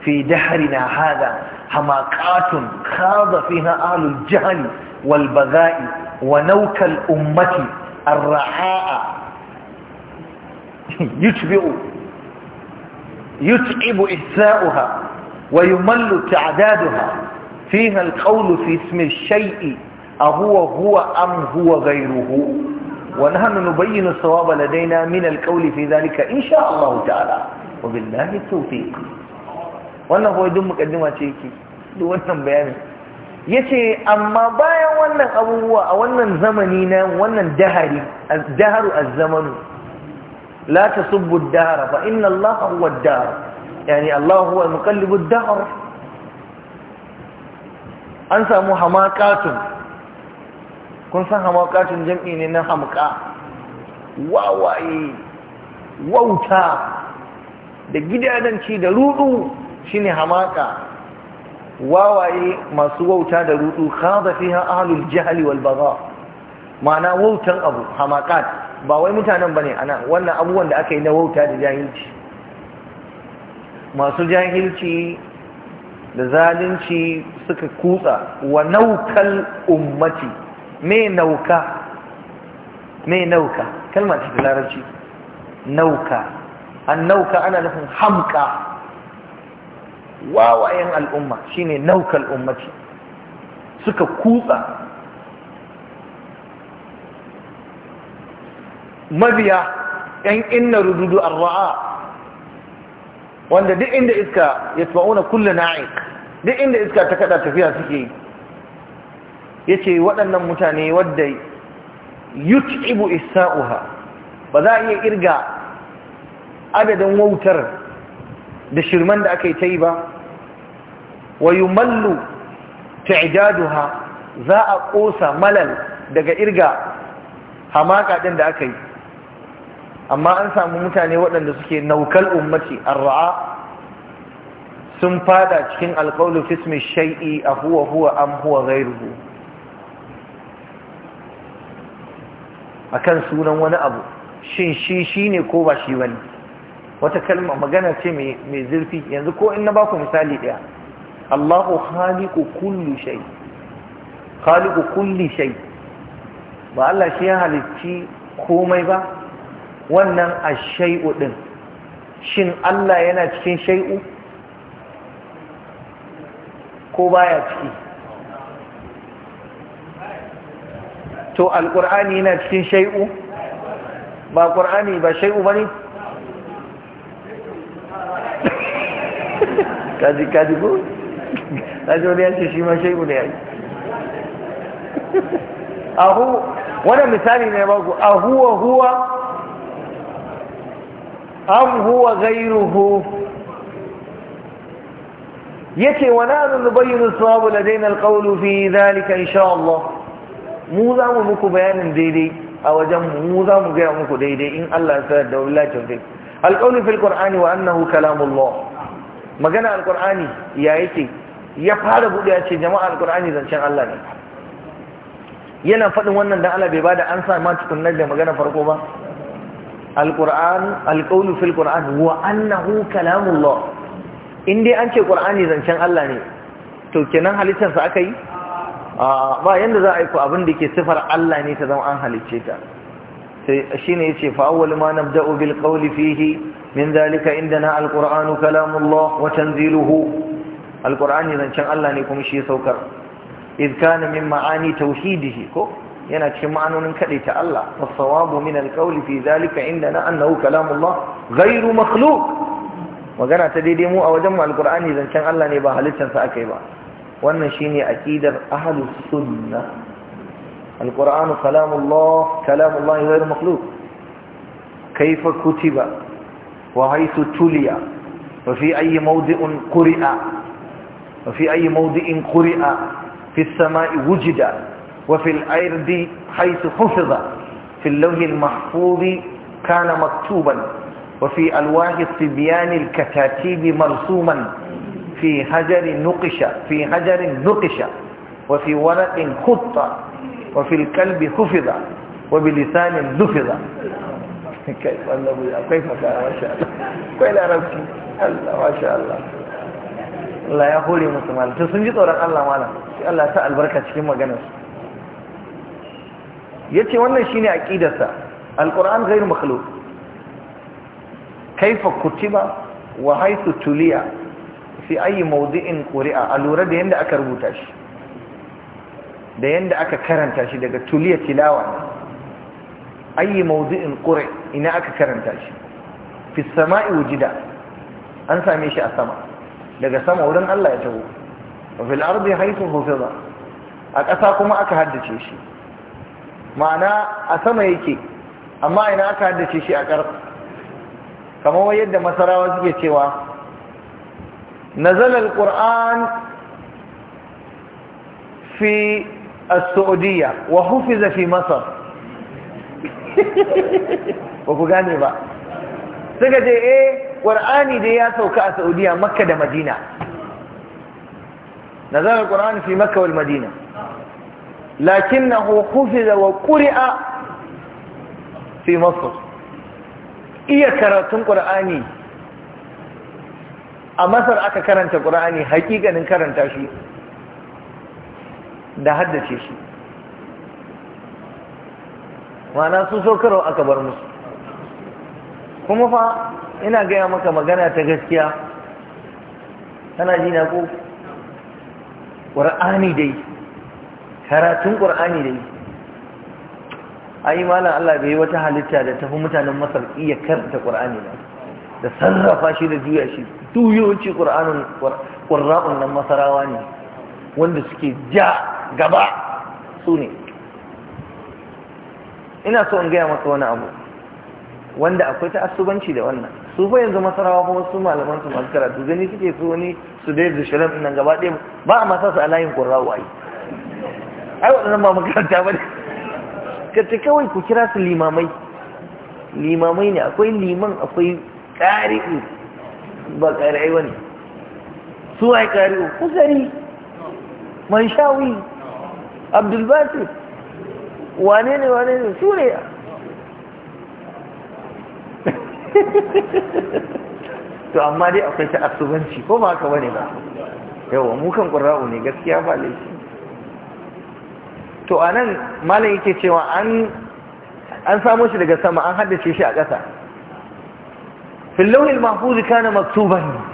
في دهرنا هذا حماقات خاض فيها أهل الجهل والبغاء ونوك الأمة الرعاء يتبع يتعب إحساؤها ويمل تعدادها فيها القول في اسم الشيء أهو هو أم هو غيره ونحن نبين الصواب لدينا من القول في ذلك إن شاء الله تعالى وبالله التوفيق wannan kawai duk mukaddima ce yake duk wannan bayanin yace amma bayan wannan abubuwa a wannan zamani na wannan dahari daharu a zamanu la tasubbu ad-dahra fa inna Allah huwa ad-dahr yani Allah huwa muqallibu ad an samu hamakatun kun san hamakatun jam'i ne na hamka wawaye wauta da ce da rudu shine hamaka wawaye masu wauta da rudu fi ha ahlul jahl wal bagha ma'ana wautan abu hamakat ba wai mutanen bane ana wannan abubuwan da aka yi na wauta da jahilci masu jahilci da zalunci suka kutsa wa naukal ummati me nauka me nauka kalmar ce da larabci nauka an nauka ana nufin hamka wawayen al'umma shine naukal ummaci suka kutsa mabiya yan inna rududu arra'a wanda duk inda iska yasma'una kullu na'iq duk inda iska ta kada tafiya suke yace waɗannan mutane wadda yut'ibu isa'uha ba za a iya kirga adadin wautar da shirman da aka yi ta yi ba wa yumallu ta'ijaduha za a ƙosa malal daga irga hamaka ɗin da aka yi amma an samu mutane waɗanda suke naukal ummati arra'a sun fada cikin alƙawlu fismin shai'i a huwa huwa am huwa ghairuhu akan sunan wani abu shin shi shine ko ba shi bane wata kalma magana ce mai zurfi yanzu ko in na baku misali ɗaya Allahu khaliqu kulli shay khaliqu kulli shay ba Allah shi ya halicci komai ba wannan ash-shay'u din shin Allah yana cikin shay'u ko baya ciki to alqur'ani yana cikin shay'u ba qur'ani ba shay'u bane kaji kaji ko kaji wani ya shi ma shehu ne ya ahu wannan misali ne ba ku ahuwa huwa am huwa ghayruhu yace wa nanu nubayyinu sawabu ladaina alqawlu fi dhalika insha Allah mu za mu muku bayanin daidai a wajen mu za mu gaya muku daidai in Allah ya sa da wallahi tawfiq alqawlu fil qur'ani wa annahu kalamullah magana alkur'ani ya yake ya fara buɗe ya ce jama'a alkur'ani zancen Allah ne yana faɗin wannan da Allah bai bada an sa ma tukunnar da magana farko ba alkur'an alqawlu fil qur'an wa annahu kalamullah in dai an ce qur'ani zancen Allah ne to kenan halittarsa aka yi ba yanda za a yi ku abin da ke sifar Allah ne ta zama an halicce ta sai shine yace fa awwal ma nabda'u bil qawli fihi min zalika indana al qur'anu kalamullah watan tanziluhu Alƙur'ani zancen Allah ne kuma shi saukar idh min ma'ani tauhidihi ko yana cikin ma'anonin ta Allah fa sawabu min al qawli fi zalika indana annahu kalamullah ghayru makhluq magana ta daidai mu a wajen mu Alƙur'ani zancen Allah ne ba halittarsa akai ba wannan shine aqidar ahlus sunna القرآن كلام الله كلام الله غير مخلوق كيف كتب وحيث تلي وفي أي موضع قرئ وفي أي موضع قرئ في السماء وجد وفي الأرض حيث حفظ في اللوح المحفوظ كان مكتوبا وفي ألواح الصبيان الكتاتيب مرسوما في حجر نقش في حجر نقش وفي ورق خط wa fil qalbi hufiza wa bi lisanin dufiza kai wannan buya akwai fata masha Allah akwai larabci masha Allah Allah ya hore musu malam sun ji tsoron Allah malam sai Allah ta albarka cikin maganar su yace wannan shine aqidarsa alquran ghairu makhluq kaifa kutiba wa haythu tuliya fi ayi mawdi'in da yadda aka rubuta shi da yanda aka karanta shi daga tuliya tilawa ayi mawdu'in qura ina aka karanta shi fi sama'i wujida an same shi a sama daga sama wurin Allah ya taho wa fil ardi haythu hufiza a ƙasa kuma aka haddace shi ma'ana a sama yake amma ina aka haddace shi a ƙarfi kamar yadda masarawa suke cewa nazala alquran fi السعودية وحفظ في مصر وكغاني با سكت ايه قرآني دي ياسوك السعودية مكة دا مدينة نزل القرآن في مكة والمدينة لكنه حفظ وقرئ في مصر iya karatun ƙur'ani a masar aka karanta ƙur'ani hakikanin karanta shi da haddace shi ma'ana su saukarwa aka bar musu kuma fa ina gaya maka magana ta gaskiya tana ji na ko ƙwar'ani dai karatun ƙwar'ani dai ayi malam Allah bai wata halitta da tafi mutanen Masar iya karta Qur'ani ba da sarrafa shi da juya shi duyoci Qur'anin Qur'a'un nan Masarawa ne wanda suke ja gaba su ne ina so in gaya maka wani abu wanda akwai ta asubanci da wannan su fa yanzu masarawa kuma su malaman su masu karatu gani suke su wani su dai shirin nan gaba ɗaya ba a masa su a layin ƙurrawa yi ai waɗannan ba makaranta ba ne ka kawai ku kira su limamai limamai ne akwai liman akwai ƙari'u ba ƙari'ai wani ne su ai ƙari'u kusari man shawi abdulbasir wane ne wane ne su ne to amma dai akwai ta asubanci ko ba haka bane ba yawon mu kan ne gaskiya ba laifi to anan malam yake cewa an samu shi daga sama an haddace shi a ƙasa fil lawhil mahfuz kana ne.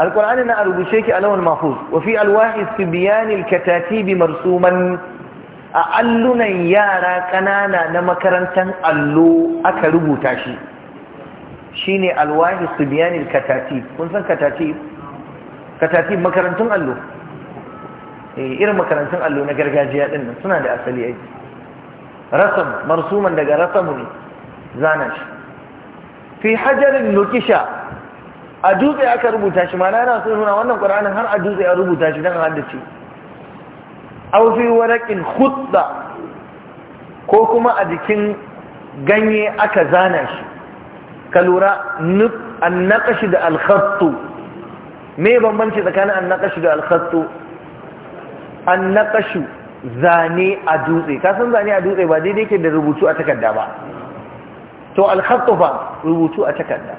alqur'ani na rubuce ki alawal mahfuz Wafi fi alwahi sibyan alkatatib marsuman a allunan yara kanana na makarantar allo aka rubuta shi shine alwahi sibyan alkatatib kun san katatib katatib makarantun allo eh irin makarantun allo na gargajiya din suna da asali aiki. rasam marsuman daga rasamu ne zana fi hajarin lokisha. a dutse aka rubuta shi mana yana sun nuna wannan ƙur'anin har a dutse a rubuta shi don haddace aw fi waraqin ko kuma a jikin ganye aka zana shi ka lura an naƙashi da alkhattu me bambanci tsakanin an naƙashi da alkhattu naƙashi zane a dutse kasan zane a dutse ba daidai ke da rubutu a takarda ba to alkhattu fa rubutu a takarda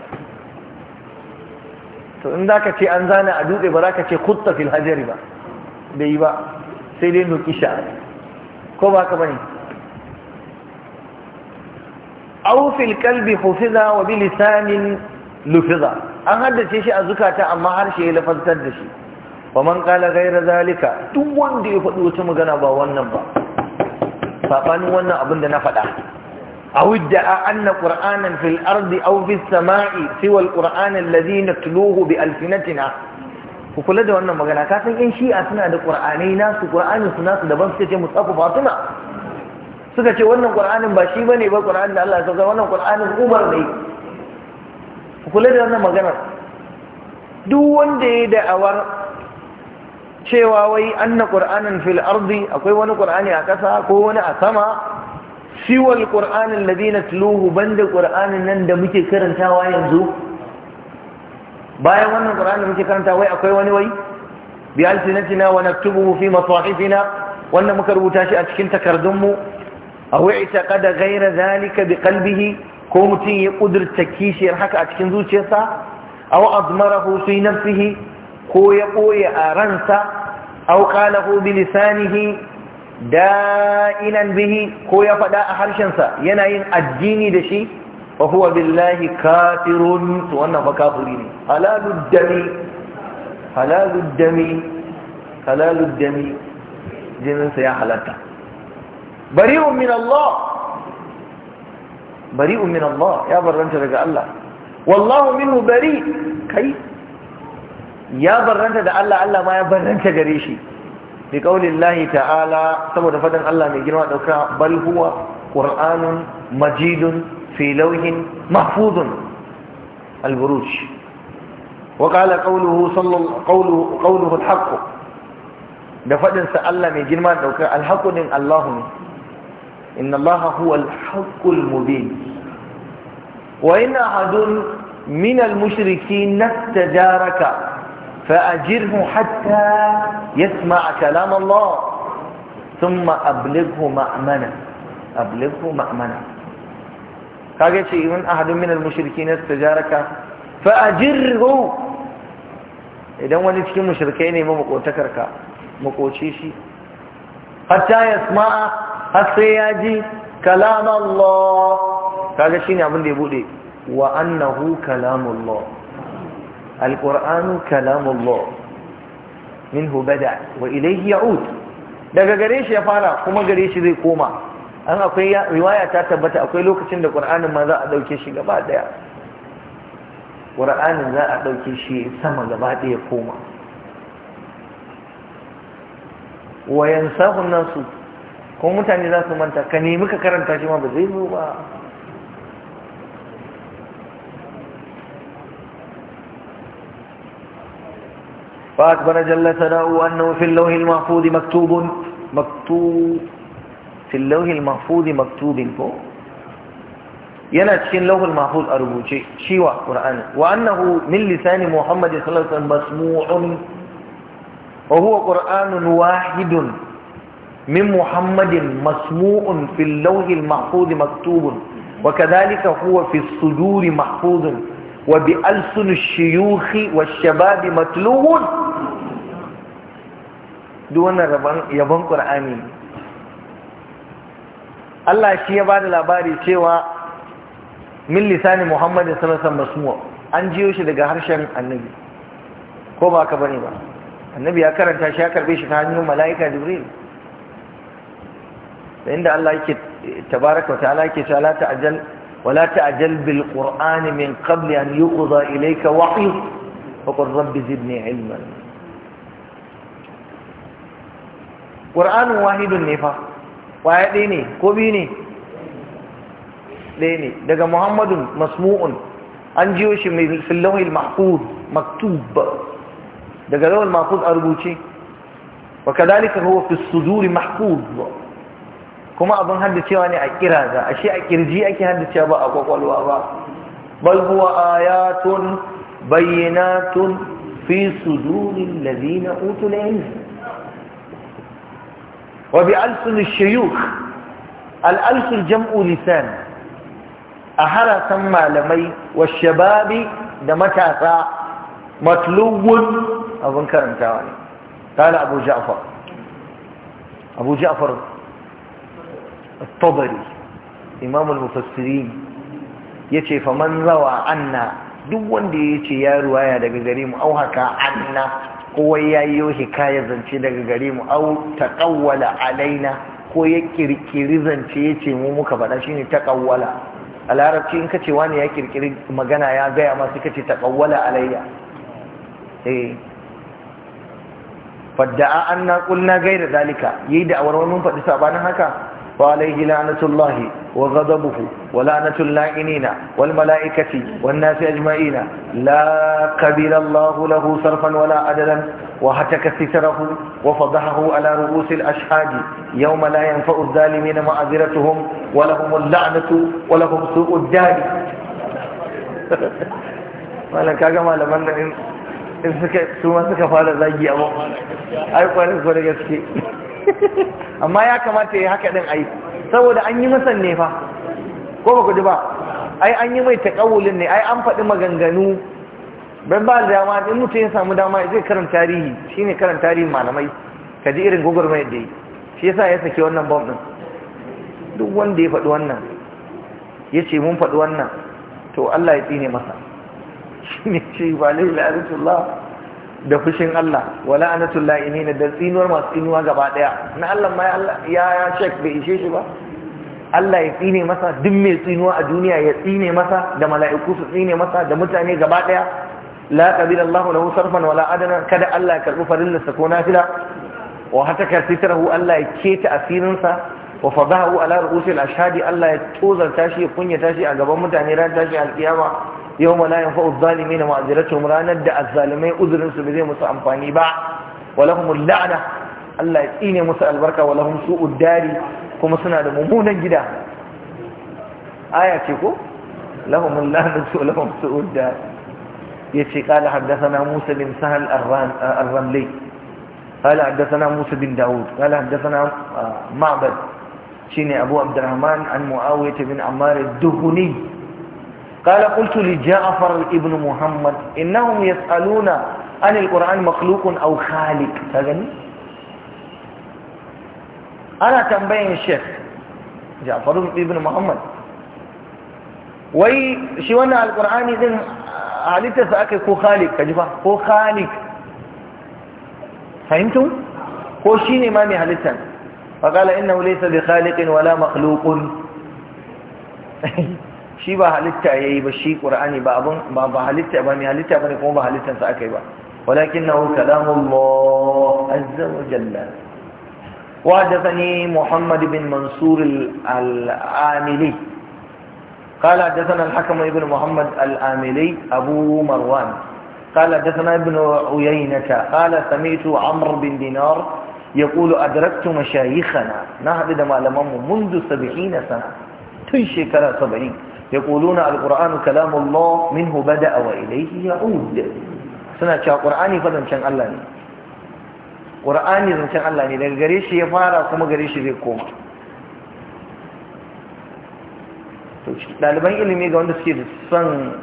to in za ka ce an zane a dutse ba za ka ce kutta fil hajjari ba bai yi ba sai dai nuki sha'ar ko ba ka bane aw fil hufiza wa bi lisanin lufiza an haddace shi a zukata amma harshe ya lafantar da shi wa man kala ghayra zalika duk wanda ya faɗi wata magana ba wannan ba saɓanin wannan abin da na faɗa أو ادعى أن قرآنا في الأرض أو في السماء سوى القرآن الذي نتلوه بألسنتنا ku kula da wannan magana ka san yan shi'a suna da qur'anai nasu qur'anin nasu daban suka ce musafu fatima suka ce wannan qur'anin ba shi bane ba qur'anin da Allah ya sauka wannan qur'anin umar ne ku kula da wannan magana duk wanda ya da'awar cewa wai anna qur'anan fil akwai wani qur'ani a ƙasa ko wani a sama siwal ƙur'anin ladina tuluhu banda ƙur'anin nan da muke karantawa yanzu bayan wannan da muke karanta wai akwai wani wai bi alsinatina wa naktubuhu fi masahifina wannan muka rubuta shi a cikin takardun mu aw i'taqada ghayra dhalika bi qalbihi ko mutum ya kudurta kishiyar haka a cikin zuciyarsa aw azmarahu fi nafsihi ko ya ɓoye a ransa aw qalahu bi lisanihi da'inan bihi ko ya faɗa a harshensa yana yin addini da shi wa huwa billahi kafirun to wannan fa kafiri ne halalud dami halalud dami halalud dami jininsa ya halatta bari'un min Allah bari'un min Allah ya barranta daga Allah wallahu minhu bari kai ya barranta da Allah Allah ma ya barranta gare shi bi ƙaulillahi ta'ala saboda faɗin Allah mai girma dauka bal huwa qur'anun majidun fi lawhin mahfuzun al-buruj wa qala qawluhu sallallahu qawluhu al-haqq da fadin sa Allah mai girma dauka al-haqqu din Allah ne inna Allah huwa al-haqqu al-mubin wa inna ahadun min al-mushrikeen nastajaraka فأجره حتى يسمع كلام الله ثم أبلغه مأمنا أبلغه مأمنا قال شيء من أحد من المشركين استجارك فأجره إذا هو نتكي مشركين ما مقوتكرك مقوتشيشي حتى يسمع السياجي كلام الله قال شيء أبن دي بودي وأنه كلام الله alƙur'anu kalamullah minhu bada wa ilaihi ya'ud daga gare shi ya fara kuma gare shi zai koma an akwai riwaya ta tabbata akwai lokacin da ƙur'anin ma za a ɗauke shi gaba ɗaya ƙur'anin za a ɗauke shi sama gaba ɗaya koma wayan sahun nasu kuma mutane za su manta ka nemi ka karanta shi ma ba zai zo ba فأكبر جل ثناؤه أنه في اللوح المحفوظ مكتوب مكتوب في اللوح المحفوظ مكتوب ينات في اللوح المحفوظ أربو شيوة قرآن وأنه من لسان محمد صلى الله عليه وسلم مسموع وهو قرآن واحد من محمد مسموع في اللوح المحفوظ مكتوب وكذلك هو في الصدور محفوظ wa bi alsunu shiyuhi wa shababi matluhun duk yabon ƙur'ani Allah shi ya bada labari cewa min lisani muhammadin salasan masmuwa an jiyo shi daga harshen annabi ko ba ka bane ba annabi ya karanta shi ya karbe shi ta hannun mala'ika jibril da inda Allah yake tabaraka wa ta'ala yake salata ajal ولا تعجل بالقرآن من قبل أن يقضى إليك وحي فقل رب زدني علما قرآن واحد النفا وعليني كوبيني ليني دقى محمد مسموع أنجيوش في اللون المحفوظ مكتوب دقى اللون المحفوظ أربوتي وكذلك هو في الصدور محفوظ kuma abin haddacewa ne a kira za a shi a kirji ake haddacewa ba a kwakwalwa ba bal huwa ayatun bayyinatun fi sudurin ladina utul ilm wa bi alsun shuyukh al-alsun jam'u lisan a harasan malamai wa shababi da matasa matlubun abin karantawa ne قال abu ja'far abu ja'far الطبري إمام المفسرين يتي فمن روى عنا duk wanda ya ce ya ruwaya daga garimu mu au haka anna kowa ya yi hikaya zance daga gare mu au taqawwala alaina ko ya kirkiri zance ya ce muka faɗa shine taqawwala a larabci in kace wani ya kirkiri magana ya gaya ma sai kace taqawwala alayya eh fadda'a anna qulna dalika zalika yayi da awar mun faɗi sabanin haka وعليه لعنة الله وغضبه ولعنة اللائنين والملائكة والناس أجمعين لا قبل الله له صرفا ولا عدلا وهتك ستره وفضحه على رؤوس الأشهاد يوم لا ينفع الظالمين معذرتهم ولهم اللعنة ولهم سوء الدار malam kaga malaman nan in suka su ma suka fara zagi abu ai kwarin kwarin gaske amma ya kamata ya haka din ai saboda an yi masan ne fa ko ba ku ji ba ai an yi mai taƙawulin ne ai an faɗi maganganu ban ba dama in mutum ya samu dama zai karanta tarihi shine karanta tarihin malamai ka ji irin mai da yi shi yasa ya saki wannan bom din duk wanda ya faɗi wannan ya ce mun faɗi wannan to Allah ya tsine masa shi ne ba lai da fushin Allah wala anatul la'inin da tsinuwar masu tsinuwa gaba daya na Allah ma ya ya shek bai ishe shi ba Allah ya tsine masa duk mai tsinuwa a duniya ya tsine masa da mala'iku su tsine masa da mutane gaba daya la qabila Allahu lahu sarfan wala adana kada Allah ya karbi farillarsa ko nafila wa hataka sitrahu Allah ya keta asirinsa wa fadahu ala ru'usil ashhadi Allah ya tozarta shi ya kunyata shi a gaban mutane ran tashi alkiyama Yau yawma la yanfa'u adh na ma'ziratuhum ranar da azalimai uzurin su zai musu amfani ba walahumul la'na Allah ya tsine musu albarka walahum su'ud dari kuma suna da mummunan gida aya ce ko lahumul la'na lahum su'ud dar yace qala haddathana Musa bin Sahal ar-Ramli haddasa na Musa bin Dawud qala haddathana ah, Ma'bad shine Abu Abdurrahman an Muawiyah bin Ammar ad-Duhni قال قلت لجعفر ابن محمد إنهم يسألون عن القرآن مخلوق أو خالق تغني أنا تنبين الشيخ جعفر ابن محمد wai shi wannan alkur'ani din halittarsa aka ko khalik ka ji ko khalik fahimtum ko shi ne ma mai halittar faƙala inna laysa bi khaliqin wala makhluqun shi ba halitta ya yi ba shi ƙura'ani ba abin ba halitta ba mai halitta ba ne kuma ba halittansa aka yi ba walakin na hulka damun ma'azzar wa muhammad bin mansur al'amili قال حدثنا الحكم ابن محمد الآملي أبو مروان قال حدثنا ابن عيينة قال سميت عمر بن دينار يقول أدركت مشايخنا نهبد معلمهم منذ سبعين سنة تنشي كلا سبعين يقولون القرآن كلام الله منه بدأ وإليه يعود سنة قرآني فلن شان الله ني قرآني فلن شان الله ني يفارا كما قريش يقوم ɗaliban ilimi ga wanda suke son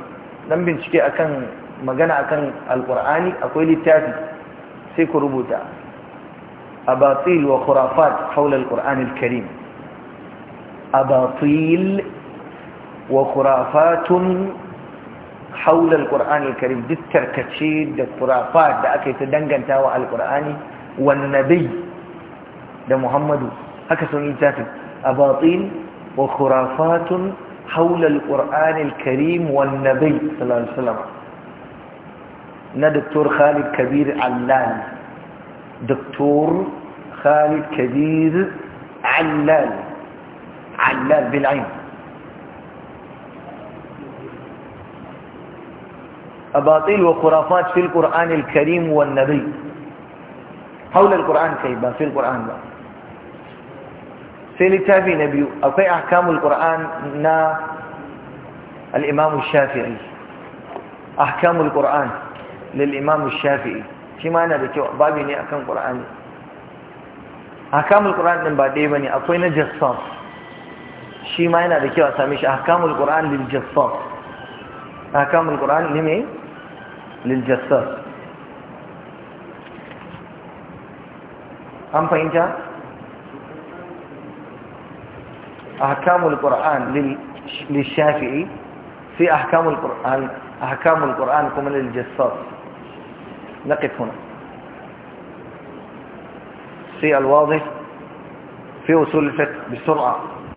dan bincike akan magana akan alkur'ani akwai littafi sai ku rubuta abatil wa khurafat haula karim a abatil وخرافات حول القرآن الكريم دي التركتشي الخرافات دا أكي تدنغن تاوى القرآن والنبي دا محمد هكا سنين تافت أباطيل وخرافات حول القرآن الكريم والنبي صلى الله عليه وسلم نا دكتور خالد كبير علان دكتور خالد كبير علان علان بالعين أباطيل وخرافات في القرآن الكريم والنبي حول القرآن كيبا في القرآن في لتابي نبي أو في أحكام القرآن نا الإمام الشافعي أحكام القرآن للإمام الشافعي كما أنا بكي بابيني أحكام القرآن أحكام القرآن من بعدي بني أطوين الجصاص شي ما أنا بكي أسميش أحكام القرآن للجصاص أحكام القرآن لماذا للجسار هم جاء أحكام القرآن للشافعي في أحكام القرآن أحكام القرآن كما للجسار نقف هنا في الواضح في وصول الفتح بسرعة